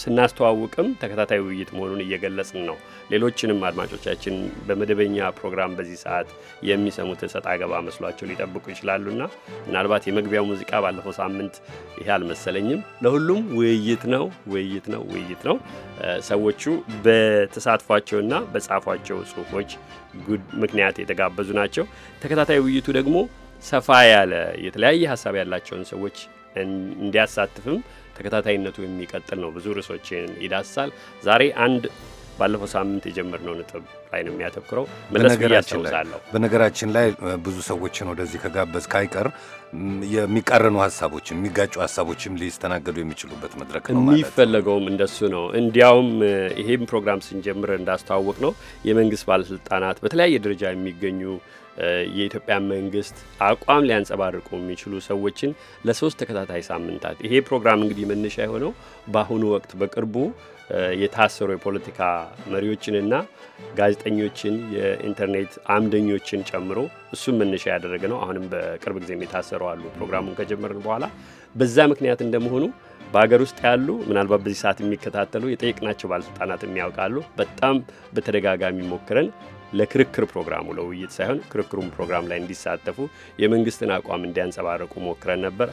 ስናስተዋውቅም ተከታታይ ውይይት መሆኑን እየገለጽን ነው። ሌሎችንም አድማጮቻችን በመደበኛ ፕሮግራም በዚህ ሰዓት የሚሰሙት እሰጥ አገባ መስሏቸው ሊጠብቁ ይችላሉና ምናልባት የመግቢያው ሙዚቃ ባለፈው ሳምንት ይሄ አልመሰለኝም። ለሁሉም ውይይት ነው፣ ውይይት ነው፣ ውይይት ነው። ሰዎቹ በተሳትፏቸውና በጻፏቸው ጽሁፎች ምክንያት የተጋበዙ ናቸው። ተከታታይ ውይይቱ ደግሞ ሰፋ ያለ የተለያየ ሀሳብ ያላቸውን ሰዎች እንዲያሳትፍም ተከታታይነቱ የሚቀጥል ነው። ብዙ ርዕሶችን ይዳስሳል። ዛሬ አንድ ባለፈው ሳምንት የጀመርነው ነጥብ ላይ ነው የሚያተኩረው። በነገራችን ላይ ብዙ ሰዎችን ወደዚህ ከጋበዝ ካይቀር የሚቃረኑ ሀሳቦች፣ የሚጋጩ ሀሳቦችም ሊስተናገዱ የሚችሉበት መድረክ ነው ማለት የሚፈለገውም እንደሱ ነው። እንዲያውም ይሄም ፕሮግራም ስንጀምር እንዳስተዋወቅ ነው የመንግስት ባለስልጣናት በተለያየ ደረጃ የሚገኙ የኢትዮጵያ መንግስት አቋም ሊያንጸባርቁ የሚችሉ ሰዎችን ለሶስት ተከታታይ ሳምንታት ይሄ ፕሮግራም እንግዲህ መነሻ የሆነው በአሁኑ ወቅት በቅርቡ የታሰሩ የፖለቲካ መሪዎችንና ጋዜጠኞችን የኢንተርኔት አምደኞችን ጨምሮ እሱም መነሻ ያደረገ ነው። አሁንም በቅርብ ጊዜም የታሰሩ አሉ። ፕሮግራሙን ከጀመርን በኋላ በዛ ምክንያት እንደመሆኑ በሀገር ውስጥ ያሉ ምናልባት በዚህ ሰዓት የሚከታተሉ የጠየቅናቸው ባለስልጣናት የሚያውቃሉ። በጣም በተደጋጋሚ ሞክረን ለክርክር ፕሮግራሙ ለውይይት ሳይሆን ክርክሩን ፕሮግራም ላይ እንዲሳተፉ የመንግስትን አቋም እንዲያንጸባረቁ ሞክረን ነበር።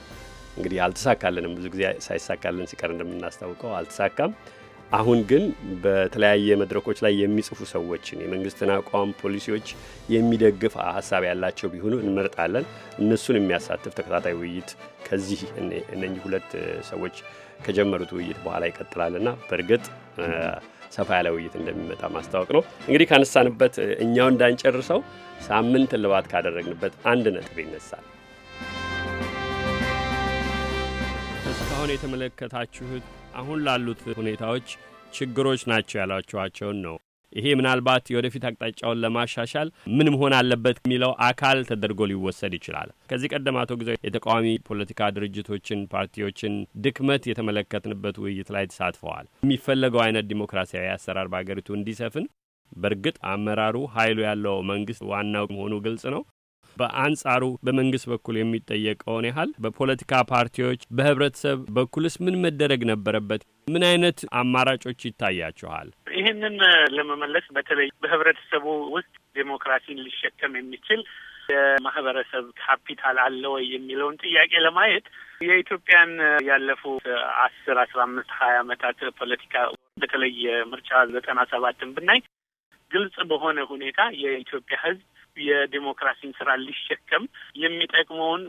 እንግዲህ አልተሳካልንም። ብዙ ጊዜ ሳይሳካልን ሲቀር እንደምናስታውቀው አልተሳካም። አሁን ግን በተለያየ መድረኮች ላይ የሚጽፉ ሰዎችን የመንግስትን አቋም፣ ፖሊሲዎች የሚደግፍ ሀሳብ ያላቸው ቢሆኑ እንመርጣለን። እነሱን የሚያሳትፍ ተከታታይ ውይይት ከዚህ እነኚህ ሁለት ሰዎች ከጀመሩት ውይይት በኋላ ይቀጥላልና በእርግጥ ሰፋ ያለ ውይይት እንደሚመጣ ማስታወቅ ነው። እንግዲህ ካነሳንበት እኛው እንዳንጨርሰው ሳምንት እልባት ካደረግንበት አንድ ነጥብ ይነሳል። እስካሁን የተመለከታችሁት አሁን ላሉት ሁኔታዎች ችግሮች ናቸው ያሏቸዋቸውን ነው። ይሄ ምናልባት የወደፊት አቅጣጫውን ለማሻሻል ምን መሆን አለበት የሚለው አካል ተደርጎ ሊወሰድ ይችላል። ከዚህ ቀደም አቶ ጊዜ የተቃዋሚ ፖለቲካ ድርጅቶችን፣ ፓርቲዎችን ድክመት የተመለከትንበት ውይይት ላይ ተሳትፈዋል። የሚፈለገው አይነት ዲሞክራሲያዊ አሰራር በሀገሪቱ እንዲሰፍን በእርግጥ አመራሩ ኃይሉ ያለው መንግስት ዋናው መሆኑ ግልጽ ነው። በአንጻሩ በመንግስት በኩል የሚጠየቀውን ያህል በፖለቲካ ፓርቲዎች በህብረተሰብ በኩልስ ምን መደረግ ነበረበት? ምን አይነት አማራጮች ይታያችኋል? ይህንን ለመመለስ በተለይ በህብረተሰቡ ውስጥ ዴሞክራሲን ሊሸከም የሚችል የማህበረሰብ ካፒታል አለ ወይ የሚለውን ጥያቄ ለማየት የኢትዮጵያን ያለፉ አስር አስራ አምስት ሀያ ዓመታት ፖለቲካ በተለይ ምርጫ ዘጠና ሰባትን ብናይ ግልጽ በሆነ ሁኔታ የኢትዮጵያ ህዝብ የዴሞክራሲን ስራ ሊሸከም የሚጠቅመውን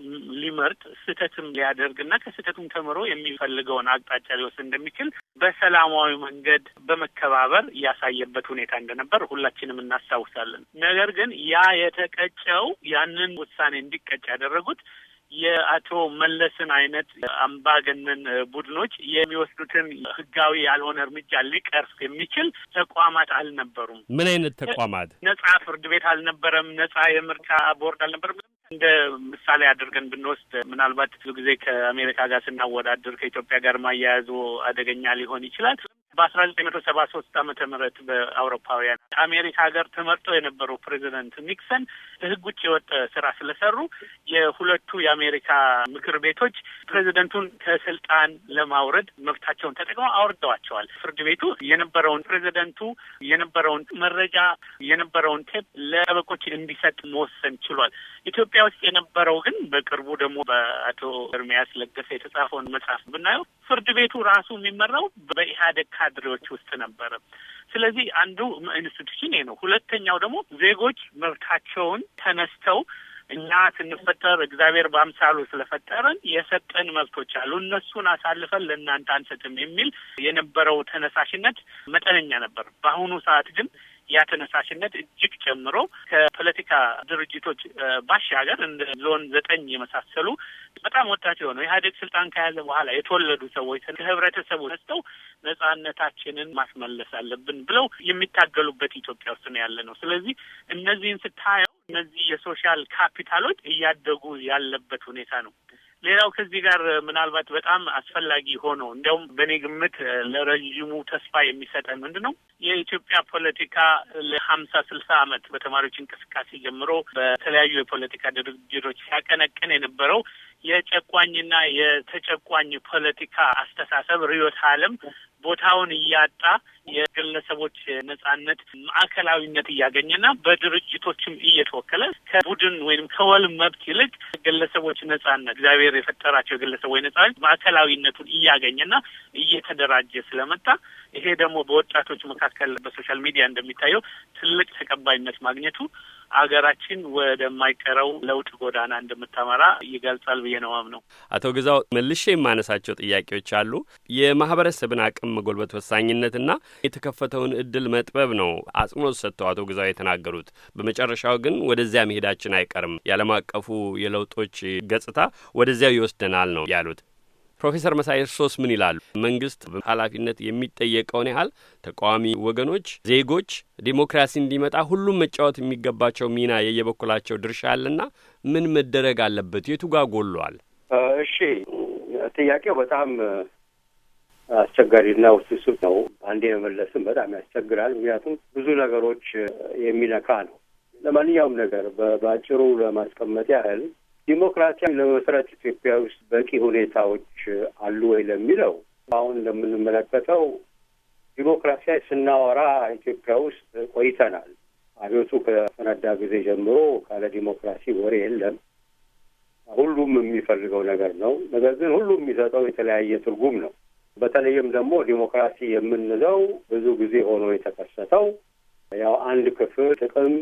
ሊመርጥ ስህተትም ሊያደርግና ከስህተቱም ተምሮ የሚፈልገውን አቅጣጫ ሊወስድ እንደሚችል በሰላማዊ መንገድ በመከባበር ያሳየበት ሁኔታ እንደነበር ሁላችንም እናስታውሳለን። ነገር ግን ያ የተቀጨው ያንን ውሳኔ እንዲቀጭ ያደረጉት የአቶ መለስን አይነት አምባገነን ቡድኖች የሚወስዱትን ህጋዊ ያልሆነ እርምጃ ሊቀርፍ የሚችል ተቋማት አልነበሩም። ምን አይነት ተቋማት? ነጻ ፍርድ ቤት አልነበረም። ነጻ የምርጫ ቦርድ አልነበረም። እንደ ምሳሌ አድርገን ብንወስድ ምናልባት ብዙ ጊዜ ከአሜሪካ ጋር ስናወዳድር ከኢትዮጵያ ጋር ማያያዙ አደገኛ ሊሆን ይችላል። በአስራ ዘጠኝ መቶ ሰባ ሶስት ምህረት በአውሮፓውያን አሜሪካ ሀገር ተመርጦ የነበሩ ፕሬዚደንት ኒክሰን ከህግ ውጭ የወጣ ስራ ስለሰሩ የሁለቱ የአሜሪካ ምክር ቤቶች ፕሬዚደንቱን ከስልጣን ለማውረድ መብታቸውን ተጠቅመው አውርደዋቸዋል። ፍርድ ቤቱ የነበረውን ፕሬዚደንቱ የነበረውን መረጃ የነበረውን ቴፕ ለጠበቆች እንዲሰጥ መወሰን ችሏል። ኢትዮጵያ ውስጥ የነበረው ግን በቅርቡ ደግሞ በአቶ እርሚያስ ለገሰ የተጻፈውን መጽሐፍ ብናየው ፍርድ ቤቱ ራሱ የሚመራው በኢህአዴግ ካድሬዎች ውስጥ ነበረ። ስለዚህ አንዱ ኢንስቲቱሽን ይሄ ነው። ሁለተኛው ደግሞ ዜጎች መብታቸውን ተነስተው እኛ ስንፈጠር እግዚአብሔር በአምሳሉ ስለፈጠረን የሰጠን መብቶች አሉ፣ እነሱን አሳልፈን ለእናንተ አንሰጥም የሚል የነበረው ተነሳሽነት መጠነኛ ነበር። በአሁኑ ሰዓት ግን ያ ተነሳሽነት እጅግ ጨምሮ ከፖለቲካ ድርጅቶች ባሻገር እንደ ዞን ዘጠኝ የመሳሰሉ በጣም ወጣት የሆነው ኢህአዴግ ስልጣን ከያዘ በኋላ የተወለዱ ሰዎች ከህብረተሰቡ ነስተው ነጻነታችንን ማስመለስ አለብን ብለው የሚታገሉበት ኢትዮጵያ ውስጥ ነው ያለ ነው። ስለዚህ እነዚህን ስታየው እነዚህ የሶሻል ካፒታሎች እያደጉ ያለበት ሁኔታ ነው። ሌላው ከዚህ ጋር ምናልባት በጣም አስፈላጊ ሆኖ እንዲያውም በእኔ ግምት ለረዥሙ ተስፋ የሚሰጠን ምንድን ነው የኢትዮጵያ ፖለቲካ ለሀምሳ ስልሳ ዓመት በተማሪዎች እንቅስቃሴ ጀምሮ በተለያዩ የፖለቲካ ድርጅቶች ሲያቀነቅን የነበረው የጨቋኝና የተጨቋኝ ፖለቲካ አስተሳሰብ ርዕዮተ ዓለም ቦታውን እያጣ የግለሰቦች ነጻነት ማዕከላዊነት እያገኘና በድርጅቶችም እየተወከለ ከቡድን ወይም ከወል መብት ይልቅ ግለሰቦች ነጻነት እግዚአብሔር የፈጠራቸው የግለሰቦች ነጻነት ማዕከላዊነቱን እያገኘና እየተደራጀ ስለመጣ ይሄ ደግሞ በወጣቶች መካከል በሶሻል ሚዲያ እንደሚታየው ትልቅ ተቀባይነት ማግኘቱ አገራችን ወደማይቀረው ለውጥ ጎዳና እንደምታመራ ይገልጻል ብዬ ነው የማምነው። አቶ ግዛው መልሼ የማነሳቸው ጥያቄዎች አሉ። የማህበረሰብን አቅም መጎልበት ወሳኝነትና የተከፈተውን እድል መጥበብ ነው አጽንኦት ሰጥተው አቶ ግዛው የተናገሩት። በመጨረሻው ግን ወደዚያ መሄዳችን አይቀርም፣ የዓለም አቀፉ የለውጦች ገጽታ ወደዚያው ይወስደናል ነው ያሉት። ፕሮፌሰር መሳይ እርሶስ ምን ይላሉ? መንግስት ኃላፊነት የሚጠየቀውን ያህል ተቃዋሚ ወገኖች፣ ዜጎች ዴሞክራሲ እንዲመጣ ሁሉም መጫወት የሚገባቸው ሚና የየበኩላቸው ድርሻ አለና ምን መደረግ አለበት? የቱ ጋር ጎሏል? እሺ፣ ጥያቄው በጣም አስቸጋሪና ውስብስብ ነው። አንዴ መመለስም በጣም ያስቸግራል። ምክንያቱም ብዙ ነገሮች የሚነካ ነው። ለማንኛውም ነገር በአጭሩ ለማስቀመጥ ያህል ዲሞክራሲያ ለመስረት ኢትዮጵያ ውስጥ በቂ ሁኔታዎች አሉ ወይ ለሚለው አሁን እንደምንመለከተው ዲሞክራሲያ ስናወራ ኢትዮጵያ ውስጥ ቆይተናል። አብዮቱ ከፈነዳ ጊዜ ጀምሮ ካለ ዲሞክራሲ ወሬ የለም። ሁሉም የሚፈልገው ነገር ነው። ነገር ግን ሁሉም የሚሰጠው የተለያየ ትርጉም ነው። በተለይም ደግሞ ዲሞክራሲ የምንለው ብዙ ጊዜ ሆኖ የተከሰተው ያው አንድ ክፍል ጥቅም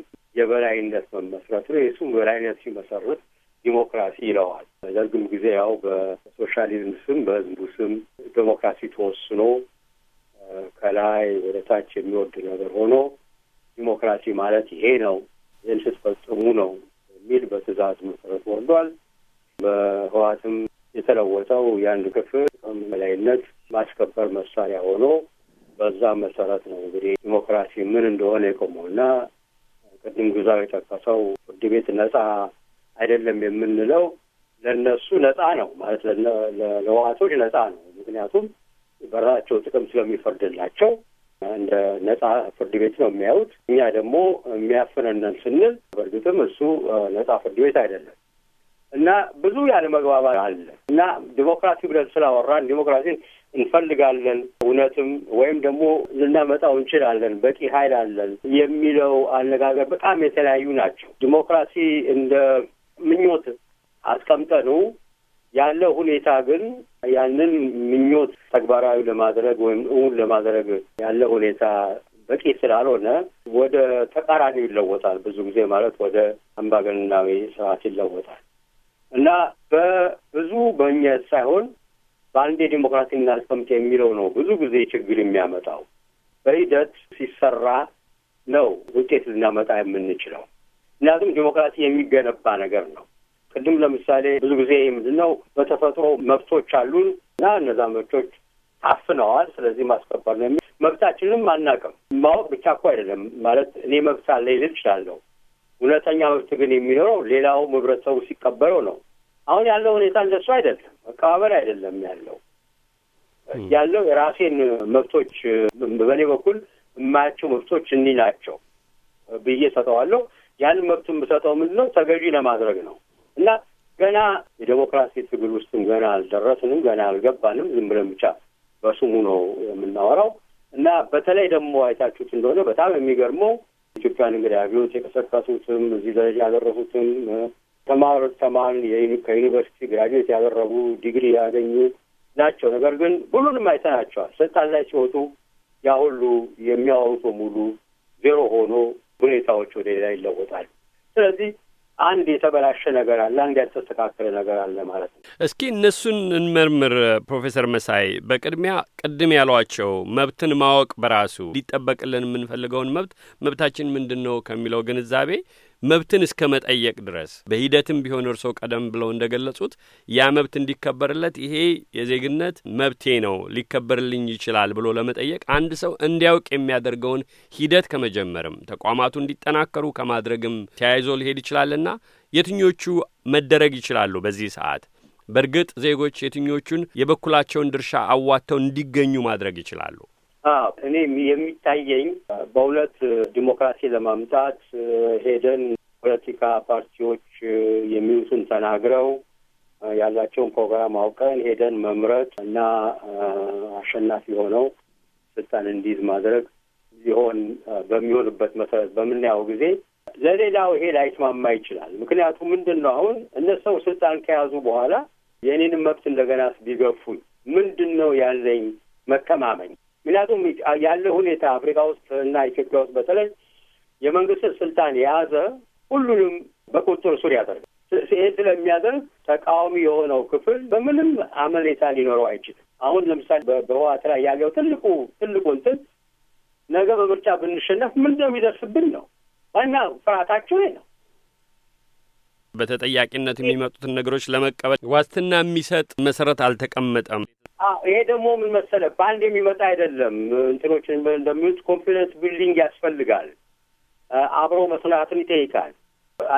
የበላይነት መመስረት ነው። የእሱም በላይነት ሲመሰርት ዲሞክራሲ ይለዋል። ረዥም ጊዜ ያው በሶሻሊዝም ስም በህዝቡ ስም ዲሞክራሲ ተወስኖ ከላይ ወደ ታች የሚወድ ነገር ሆኖ ዲሞክራሲ ማለት ይሄ ነው፣ ይህን ስትፈጽሙ ነው የሚል በትዕዛዝ መሰረት ወርዷል። በህዋትም የተለወጠው የአንድ ክፍል በላይነት ማስከበር መሳሪያ ሆኖ በዛ መሰረት ነው እንግዲህ ዲሞክራሲ ምን እንደሆነ የቆመው እና ቅድም ግዛው የጠቀሰው ፍርድ ቤት ነጻ አይደለም የምንለው ለእነሱ ነጻ ነው ማለት ለህዋቶች ነጻ ነው። ምክንያቱም በራሳቸው ጥቅም ስለሚፈርድላቸው እንደ ነጻ ፍርድ ቤት ነው የሚያዩት። እኛ ደግሞ የሚያፍነነን ስንል በእርግጥም እሱ ነጻ ፍርድ ቤት አይደለም እና ብዙ ያለመግባባት አለ እና ዲሞክራሲ ብለን ስላወራን ዲሞክራሲን እንፈልጋለን እውነትም ወይም ደግሞ ልናመጣው እንችላለን በቂ ኃይል አለን የሚለው አነጋገር በጣም የተለያዩ ናቸው። ዲሞክራሲ እንደ ምኞት አስቀምጠኑ ያለ ሁኔታ ግን ያንን ምኞት ተግባራዊ ለማድረግ ወይም እውን ለማድረግ ያለ ሁኔታ በቂ ስላልሆነ ወደ ተቃራኒው ይለወጣል። ብዙ ጊዜ ማለት ወደ አምባገነናዊ ስርዓት ይለወጣል እና በብዙ መኘት ሳይሆን በአንዴ የዲሞክራሲ እናስቀምጥ የሚለው ነው ብዙ ጊዜ ችግር የሚያመጣው። በሂደት ሲሰራ ነው ውጤት ልናመጣ የምንችለው። ምክንያቱም ዲሞክራሲ የሚገነባ ነገር ነው። ቅድም ለምሳሌ ብዙ ጊዜ ምንድን ነው በተፈጥሮ መብቶች አሉን እና እነዛ መብቶች ታፍነዋል፣ ስለዚህ ማስከበር ነው የሚል መብታችንም አናውቅም። ማወቅ ብቻ እኮ አይደለም ማለት እኔ መብት አለ ይል እችላለሁ። እውነተኛ መብት ግን የሚኖረው ሌላው ህብረተሰቡ ሲቀበለው ነው። አሁን ያለው ሁኔታ እንደሱ አይደለም፣ መቀባበል አይደለም ያለው ያለው የራሴን መብቶች በእኔ በኩል የማያቸው መብቶች እኒህ ናቸው ብዬ ሰጠዋለሁ። ያን መብቱን የምሰጠው ምንድን ነው ተገዢ ለማድረግ ነው እና ገና የዴሞክራሲ ትግል ውስጥም ገና አልደረስንም፣ ገና አልገባንም። ዝም ብለን ብቻ በስሙ ነው የምናወራው እና በተለይ ደግሞ አይታችሁት እንደሆነ በጣም የሚገርመው ኢትዮጵያን እንግዲህ አብዮት የቀሰቀሱትም እዚህ ደረጃ ያደረሱትም ተማሪዎች ተማን ከዩኒቨርሲቲ ግራጁዌት ያደረጉ ዲግሪ ያገኙ ናቸው። ነገር ግን ሁሉንም አይተናቸዋል። ስልጣን ላይ ሲወጡ ያ ሁሉ የሚያወሩት በሙሉ ዜሮ ሆኖ ሁኔታዎች ወደ ሌላ ይለወጣል። ስለዚህ አንድ የተበላሸ ነገር አለ፣ አንድ ያልተስተካከለ ነገር አለ ማለት ነው። እስኪ እነሱን እንመርምር። ፕሮፌሰር መሳይ በቅድሚያ ቅድም ያሏቸው መብትን ማወቅ በራሱ ሊጠበቅልን የምንፈልገውን መብት መብታችን ምንድን ነው ከሚለው ግንዛቤ መብትን እስከ መጠየቅ ድረስ በሂደትም ቢሆን እርስዎ ቀደም ብለው እንደ ገለጹት ያ መብት እንዲከበርለት ይሄ የዜግነት መብቴ ነው ሊከበርልኝ ይችላል ብሎ ለመጠየቅ አንድ ሰው እንዲያውቅ የሚያደርገውን ሂደት ከመጀመርም ተቋማቱ እንዲጠናከሩ ከማድረግም ተያይዞ ሊሄድ ይችላልና የትኞቹ መደረግ ይችላሉ በዚህ ሰዓት? በእርግጥ ዜጎች የትኞቹን የበኩላቸውን ድርሻ አዋጥተው እንዲገኙ ማድረግ ይችላሉ? እኔ የሚታየኝ በእውነት ዲሞክራሲ ለማምጣት ሄደን ፖለቲካ ፓርቲዎች የሚሉትን ተናግረው ያላቸውን ፕሮግራም አውቀን ሄደን መምረጥ እና አሸናፊ ሆነው ስልጣን እንዲይዝ ማድረግ ሊሆን በሚሆንበት መሰረት በምናየው ጊዜ ለሌላው ይሄ ላይስማማ ይችላል። ምክንያቱም ምንድን ነው አሁን እነሰው ስልጣን ከያዙ በኋላ የእኔንም መብት እንደገና ቢገፉኝ ምንድን ነው ያለኝ መተማመኝ? ምክንያቱም ያለ ሁኔታ አፍሪካ ውስጥ እና ኢትዮጵያ ውስጥ በተለይ የመንግስትን ስልጣን የያዘ ሁሉንም በቁጥጥር ስር ያደርጋል። ይህን ስለሚያደርግ ተቃዋሚ የሆነው ክፍል በምንም አመኔታ ሊኖረው አይችልም። አሁን ለምሳሌ በህወሓት ላይ ያለው ትልቁ ትልቁ እንትን ነገ በምርጫ ብንሸነፍ ምን የሚደርስብን ነው ዋና ፍርሃታቸው ነው። በተጠያቂነት የሚመጡትን ነገሮች ለመቀበል ዋስትና የሚሰጥ መሰረት አልተቀመጠም። ይሄ ደግሞ ምን መሰለህ፣ በአንድ የሚመጣ አይደለም። እንትኖችን እንደሚሉት ኮንፊደንስ ቢልዲንግ ያስፈልጋል። አብሮ መስራትን ይጠይቃል።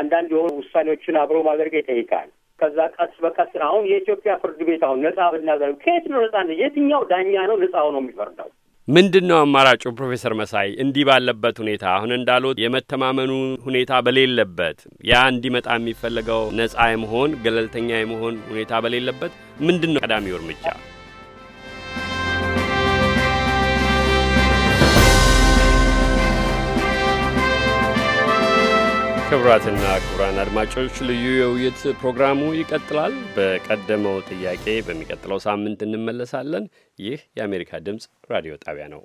አንዳንድ የሆኑ ውሳኔዎችን አብሮ ማድረግ ይጠይቃል። ከዛ ቀስ በቀስ አሁን የኢትዮጵያ ፍርድ ቤት አሁን ነጻ ብናዘ ከየት ነው ነጻ የትኛው ዳኛ ነው ነጻ ሆኖ የሚፈርደው? ምንድን ነው አማራጩ? ፕሮፌሰር መሳይ እንዲህ ባለበት ሁኔታ አሁን እንዳሉት የመተማመኑ ሁኔታ በሌለበት ያ እንዲመጣ የሚፈለገው ነጻ የመሆን ገለልተኛ የመሆን ሁኔታ በሌለበት ምንድን ነው ቀዳሚው እርምጃ? ክቡራትና ክቡራን አድማጮች ልዩ የውይይት ፕሮግራሙ ይቀጥላል። በቀደመው ጥያቄ በሚቀጥለው ሳምንት እንመለሳለን። ይህ የአሜሪካ ድምፅ ራዲዮ ጣቢያ ነው።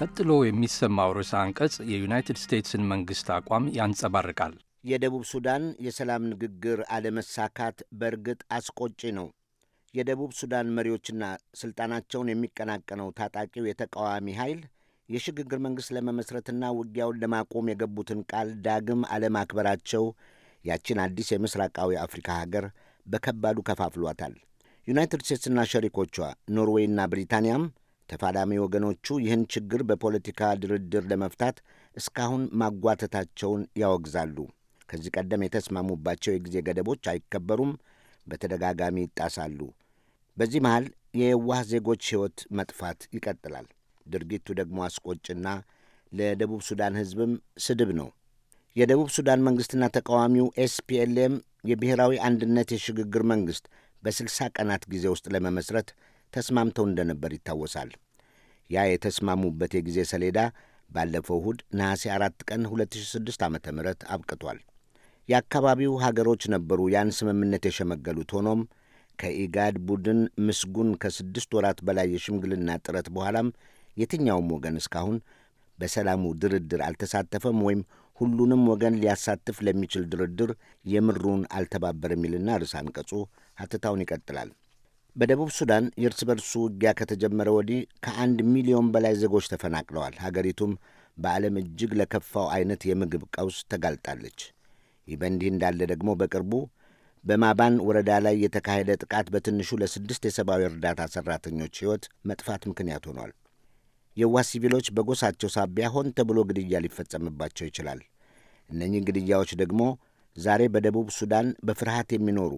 ቀጥሎ የሚሰማው ርዕሰ አንቀጽ የዩናይትድ ስቴትስን መንግሥት አቋም ያንጸባርቃል። የደቡብ ሱዳን የሰላም ንግግር አለመሳካት በእርግጥ አስቆጪ ነው። የደቡብ ሱዳን መሪዎችና ሥልጣናቸውን የሚቀናቀነው ታጣቂው የተቃዋሚ ኃይል የሽግግር መንግሥት ለመመስረትና ውጊያውን ለማቆም የገቡትን ቃል ዳግም አለማክበራቸው ያችን አዲስ የምስራቃዊ አፍሪካ ሀገር በከባዱ ከፋፍሏታል። ዩናይትድ ስቴትስና ሸሪኮቿ ኖርዌይና ብሪታንያም ተፋላሚ ወገኖቹ ይህን ችግር በፖለቲካ ድርድር ለመፍታት እስካሁን ማጓተታቸውን ያወግዛሉ። ከዚህ ቀደም የተስማሙባቸው የጊዜ ገደቦች አይከበሩም፣ በተደጋጋሚ ይጣሳሉ። በዚህ መሃል የየዋህ ዜጎች ሕይወት መጥፋት ይቀጥላል። ድርጊቱ ደግሞ አስቆጭና ለደቡብ ሱዳን ሕዝብም ስድብ ነው። የደቡብ ሱዳን መንግሥትና ተቃዋሚው ኤስፒኤልኤም የብሔራዊ አንድነት የሽግግር መንግሥት በስልሳ ቀናት ጊዜ ውስጥ ለመመስረት ተስማምተው እንደነበር ይታወሳል። ያ የተስማሙበት የጊዜ ሰሌዳ ባለፈው እሁድ ነሐሴ አራት ቀን 2006 ዓ ም አብቅቷል። የአካባቢው ሀገሮች ነበሩ ያን ስምምነት የሸመገሉት። ሆኖም ከኢጋድ ቡድን ምስጉን ከስድስት ወራት በላይ የሽምግልና ጥረት በኋላም የትኛውም ወገን እስካሁን በሰላሙ ድርድር አልተሳተፈም ወይም ሁሉንም ወገን ሊያሳትፍ ለሚችል ድርድር የምሩን አልተባበርም ይልና ርዕሰ አንቀጹ ሀተታውን ይቀጥላል። በደቡብ ሱዳን የእርስ በርሱ ውጊያ ከተጀመረ ወዲህ ከአንድ ሚሊዮን በላይ ዜጎች ተፈናቅለዋል። ሀገሪቱም በዓለም እጅግ ለከፋው አይነት የምግብ ቀውስ ተጋልጣለች። ይህ በእንዲህ እንዳለ ደግሞ በቅርቡ በማባን ወረዳ ላይ የተካሄደ ጥቃት በትንሹ ለስድስት የሰብአዊ እርዳታ ሠራተኞች ሕይወት መጥፋት ምክንያት ሆኗል። የዋ ሲቪሎች በጎሳቸው ሳቢያ ሆን ተብሎ ግድያ ሊፈጸምባቸው ይችላል። እነኚህ ግድያዎች ደግሞ ዛሬ በደቡብ ሱዳን በፍርሃት የሚኖሩ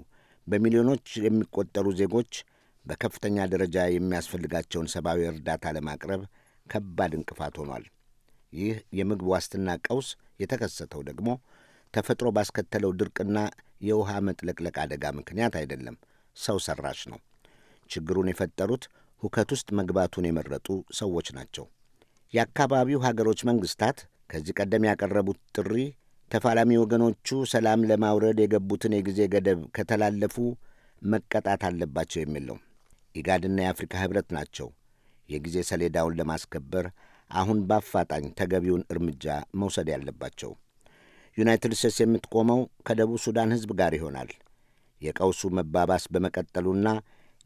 በሚሊዮኖች የሚቆጠሩ ዜጎች በከፍተኛ ደረጃ የሚያስፈልጋቸውን ሰብአዊ እርዳታ ለማቅረብ ከባድ እንቅፋት ሆኗል። ይህ የምግብ ዋስትና ቀውስ የተከሰተው ደግሞ ተፈጥሮ ባስከተለው ድርቅና የውሃ መጥለቅለቅ አደጋ ምክንያት አይደለም፣ ሰው ሰራሽ ነው። ችግሩን የፈጠሩት ሁከት ውስጥ መግባቱን የመረጡ ሰዎች ናቸው። የአካባቢው ሀገሮች መንግስታት ከዚህ ቀደም ያቀረቡት ጥሪ ተፋላሚ ወገኖቹ ሰላም ለማውረድ የገቡትን የጊዜ ገደብ ከተላለፉ መቀጣት አለባቸው የሚል ነው። ኢጋድና የአፍሪካ ህብረት ናቸው የጊዜ ሰሌዳውን ለማስከበር አሁን በአፋጣኝ ተገቢውን እርምጃ መውሰድ ያለባቸው። ዩናይትድ ስቴትስ የምትቆመው ከደቡብ ሱዳን ህዝብ ጋር ይሆናል። የቀውሱ መባባስ በመቀጠሉና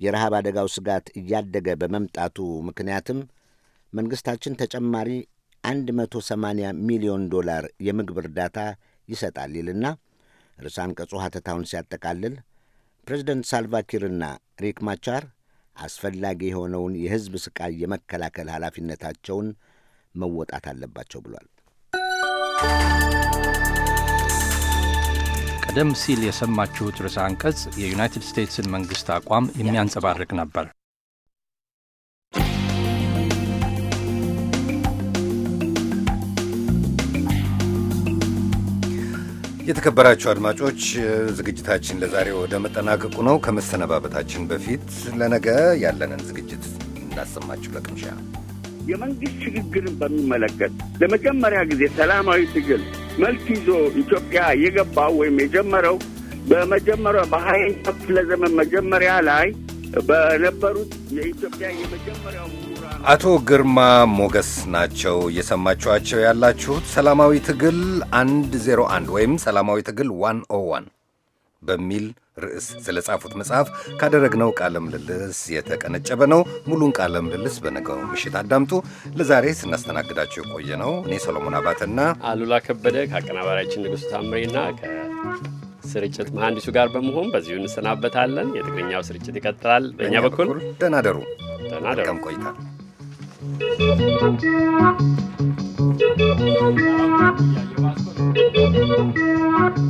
የረሃብ አደጋው ስጋት እያደገ በመምጣቱ ምክንያትም መንግሥታችን ተጨማሪ 180 ሚሊዮን ዶላር የምግብ እርዳታ ይሰጣል ይልና ርዕሰ አንቀጹ ሐተታውን ሲያጠቃልል ፕሬዚደንት ሳልቫኪርና ሪክ ማቻር አስፈላጊ የሆነውን የሕዝብ ሥቃይ የመከላከል ኃላፊነታቸውን መወጣት አለባቸው ብሏል። ቀደም ሲል የሰማችሁት ርዕሰ አንቀጽ የዩናይትድ ስቴትስን መንግሥት አቋም የሚያንጸባርቅ ነበር። የተከበራችሁ አድማጮች ዝግጅታችን ለዛሬ ወደ መጠናቀቁ ነው። ከመሰነባበታችን በፊት ለነገ ያለንን ዝግጅት እናሰማችሁ ለቅምሻ የመንግሥት ሽግግርን በሚመለከት ለመጀመሪያ ጊዜ ሰላማዊ ትግል መልክ ይዞ ኢትዮጵያ የገባው ወይም የጀመረው በመጀመሪያ በሀያኛው ክፍለ ዘመን መጀመሪያ ላይ በነበሩት የኢትዮጵያ የመጀመሪያው አቶ ግርማ ሞገስ ናቸው እየሰማችኋቸው ያላችሁት። ሰላማዊ ትግል 101 ወይም ሰላማዊ ትግል 101 በሚል ርዕስ ስለጻፉት መጽሐፍ ካደረግነው ቃለ ምልልስ የተቀነጨበ ነው። ሙሉን ቃለ ምልልስ በነገው ምሽት አዳምጡ። ለዛሬ ስናስተናግዳቸው የቆየ ነው እኔ ሰሎሞን አባተና አሉላ ከበደ ከአቀናባሪያችን ንጉሥ ታምሬና ከስርጭት መሐንዲሱ ጋር በመሆን በዚሁ እንሰናበታለን። የትግርኛው ስርጭት ይቀጥላል። በእኛ በኩል ደናደሩ ደናደሩ ቆይታ Thank you.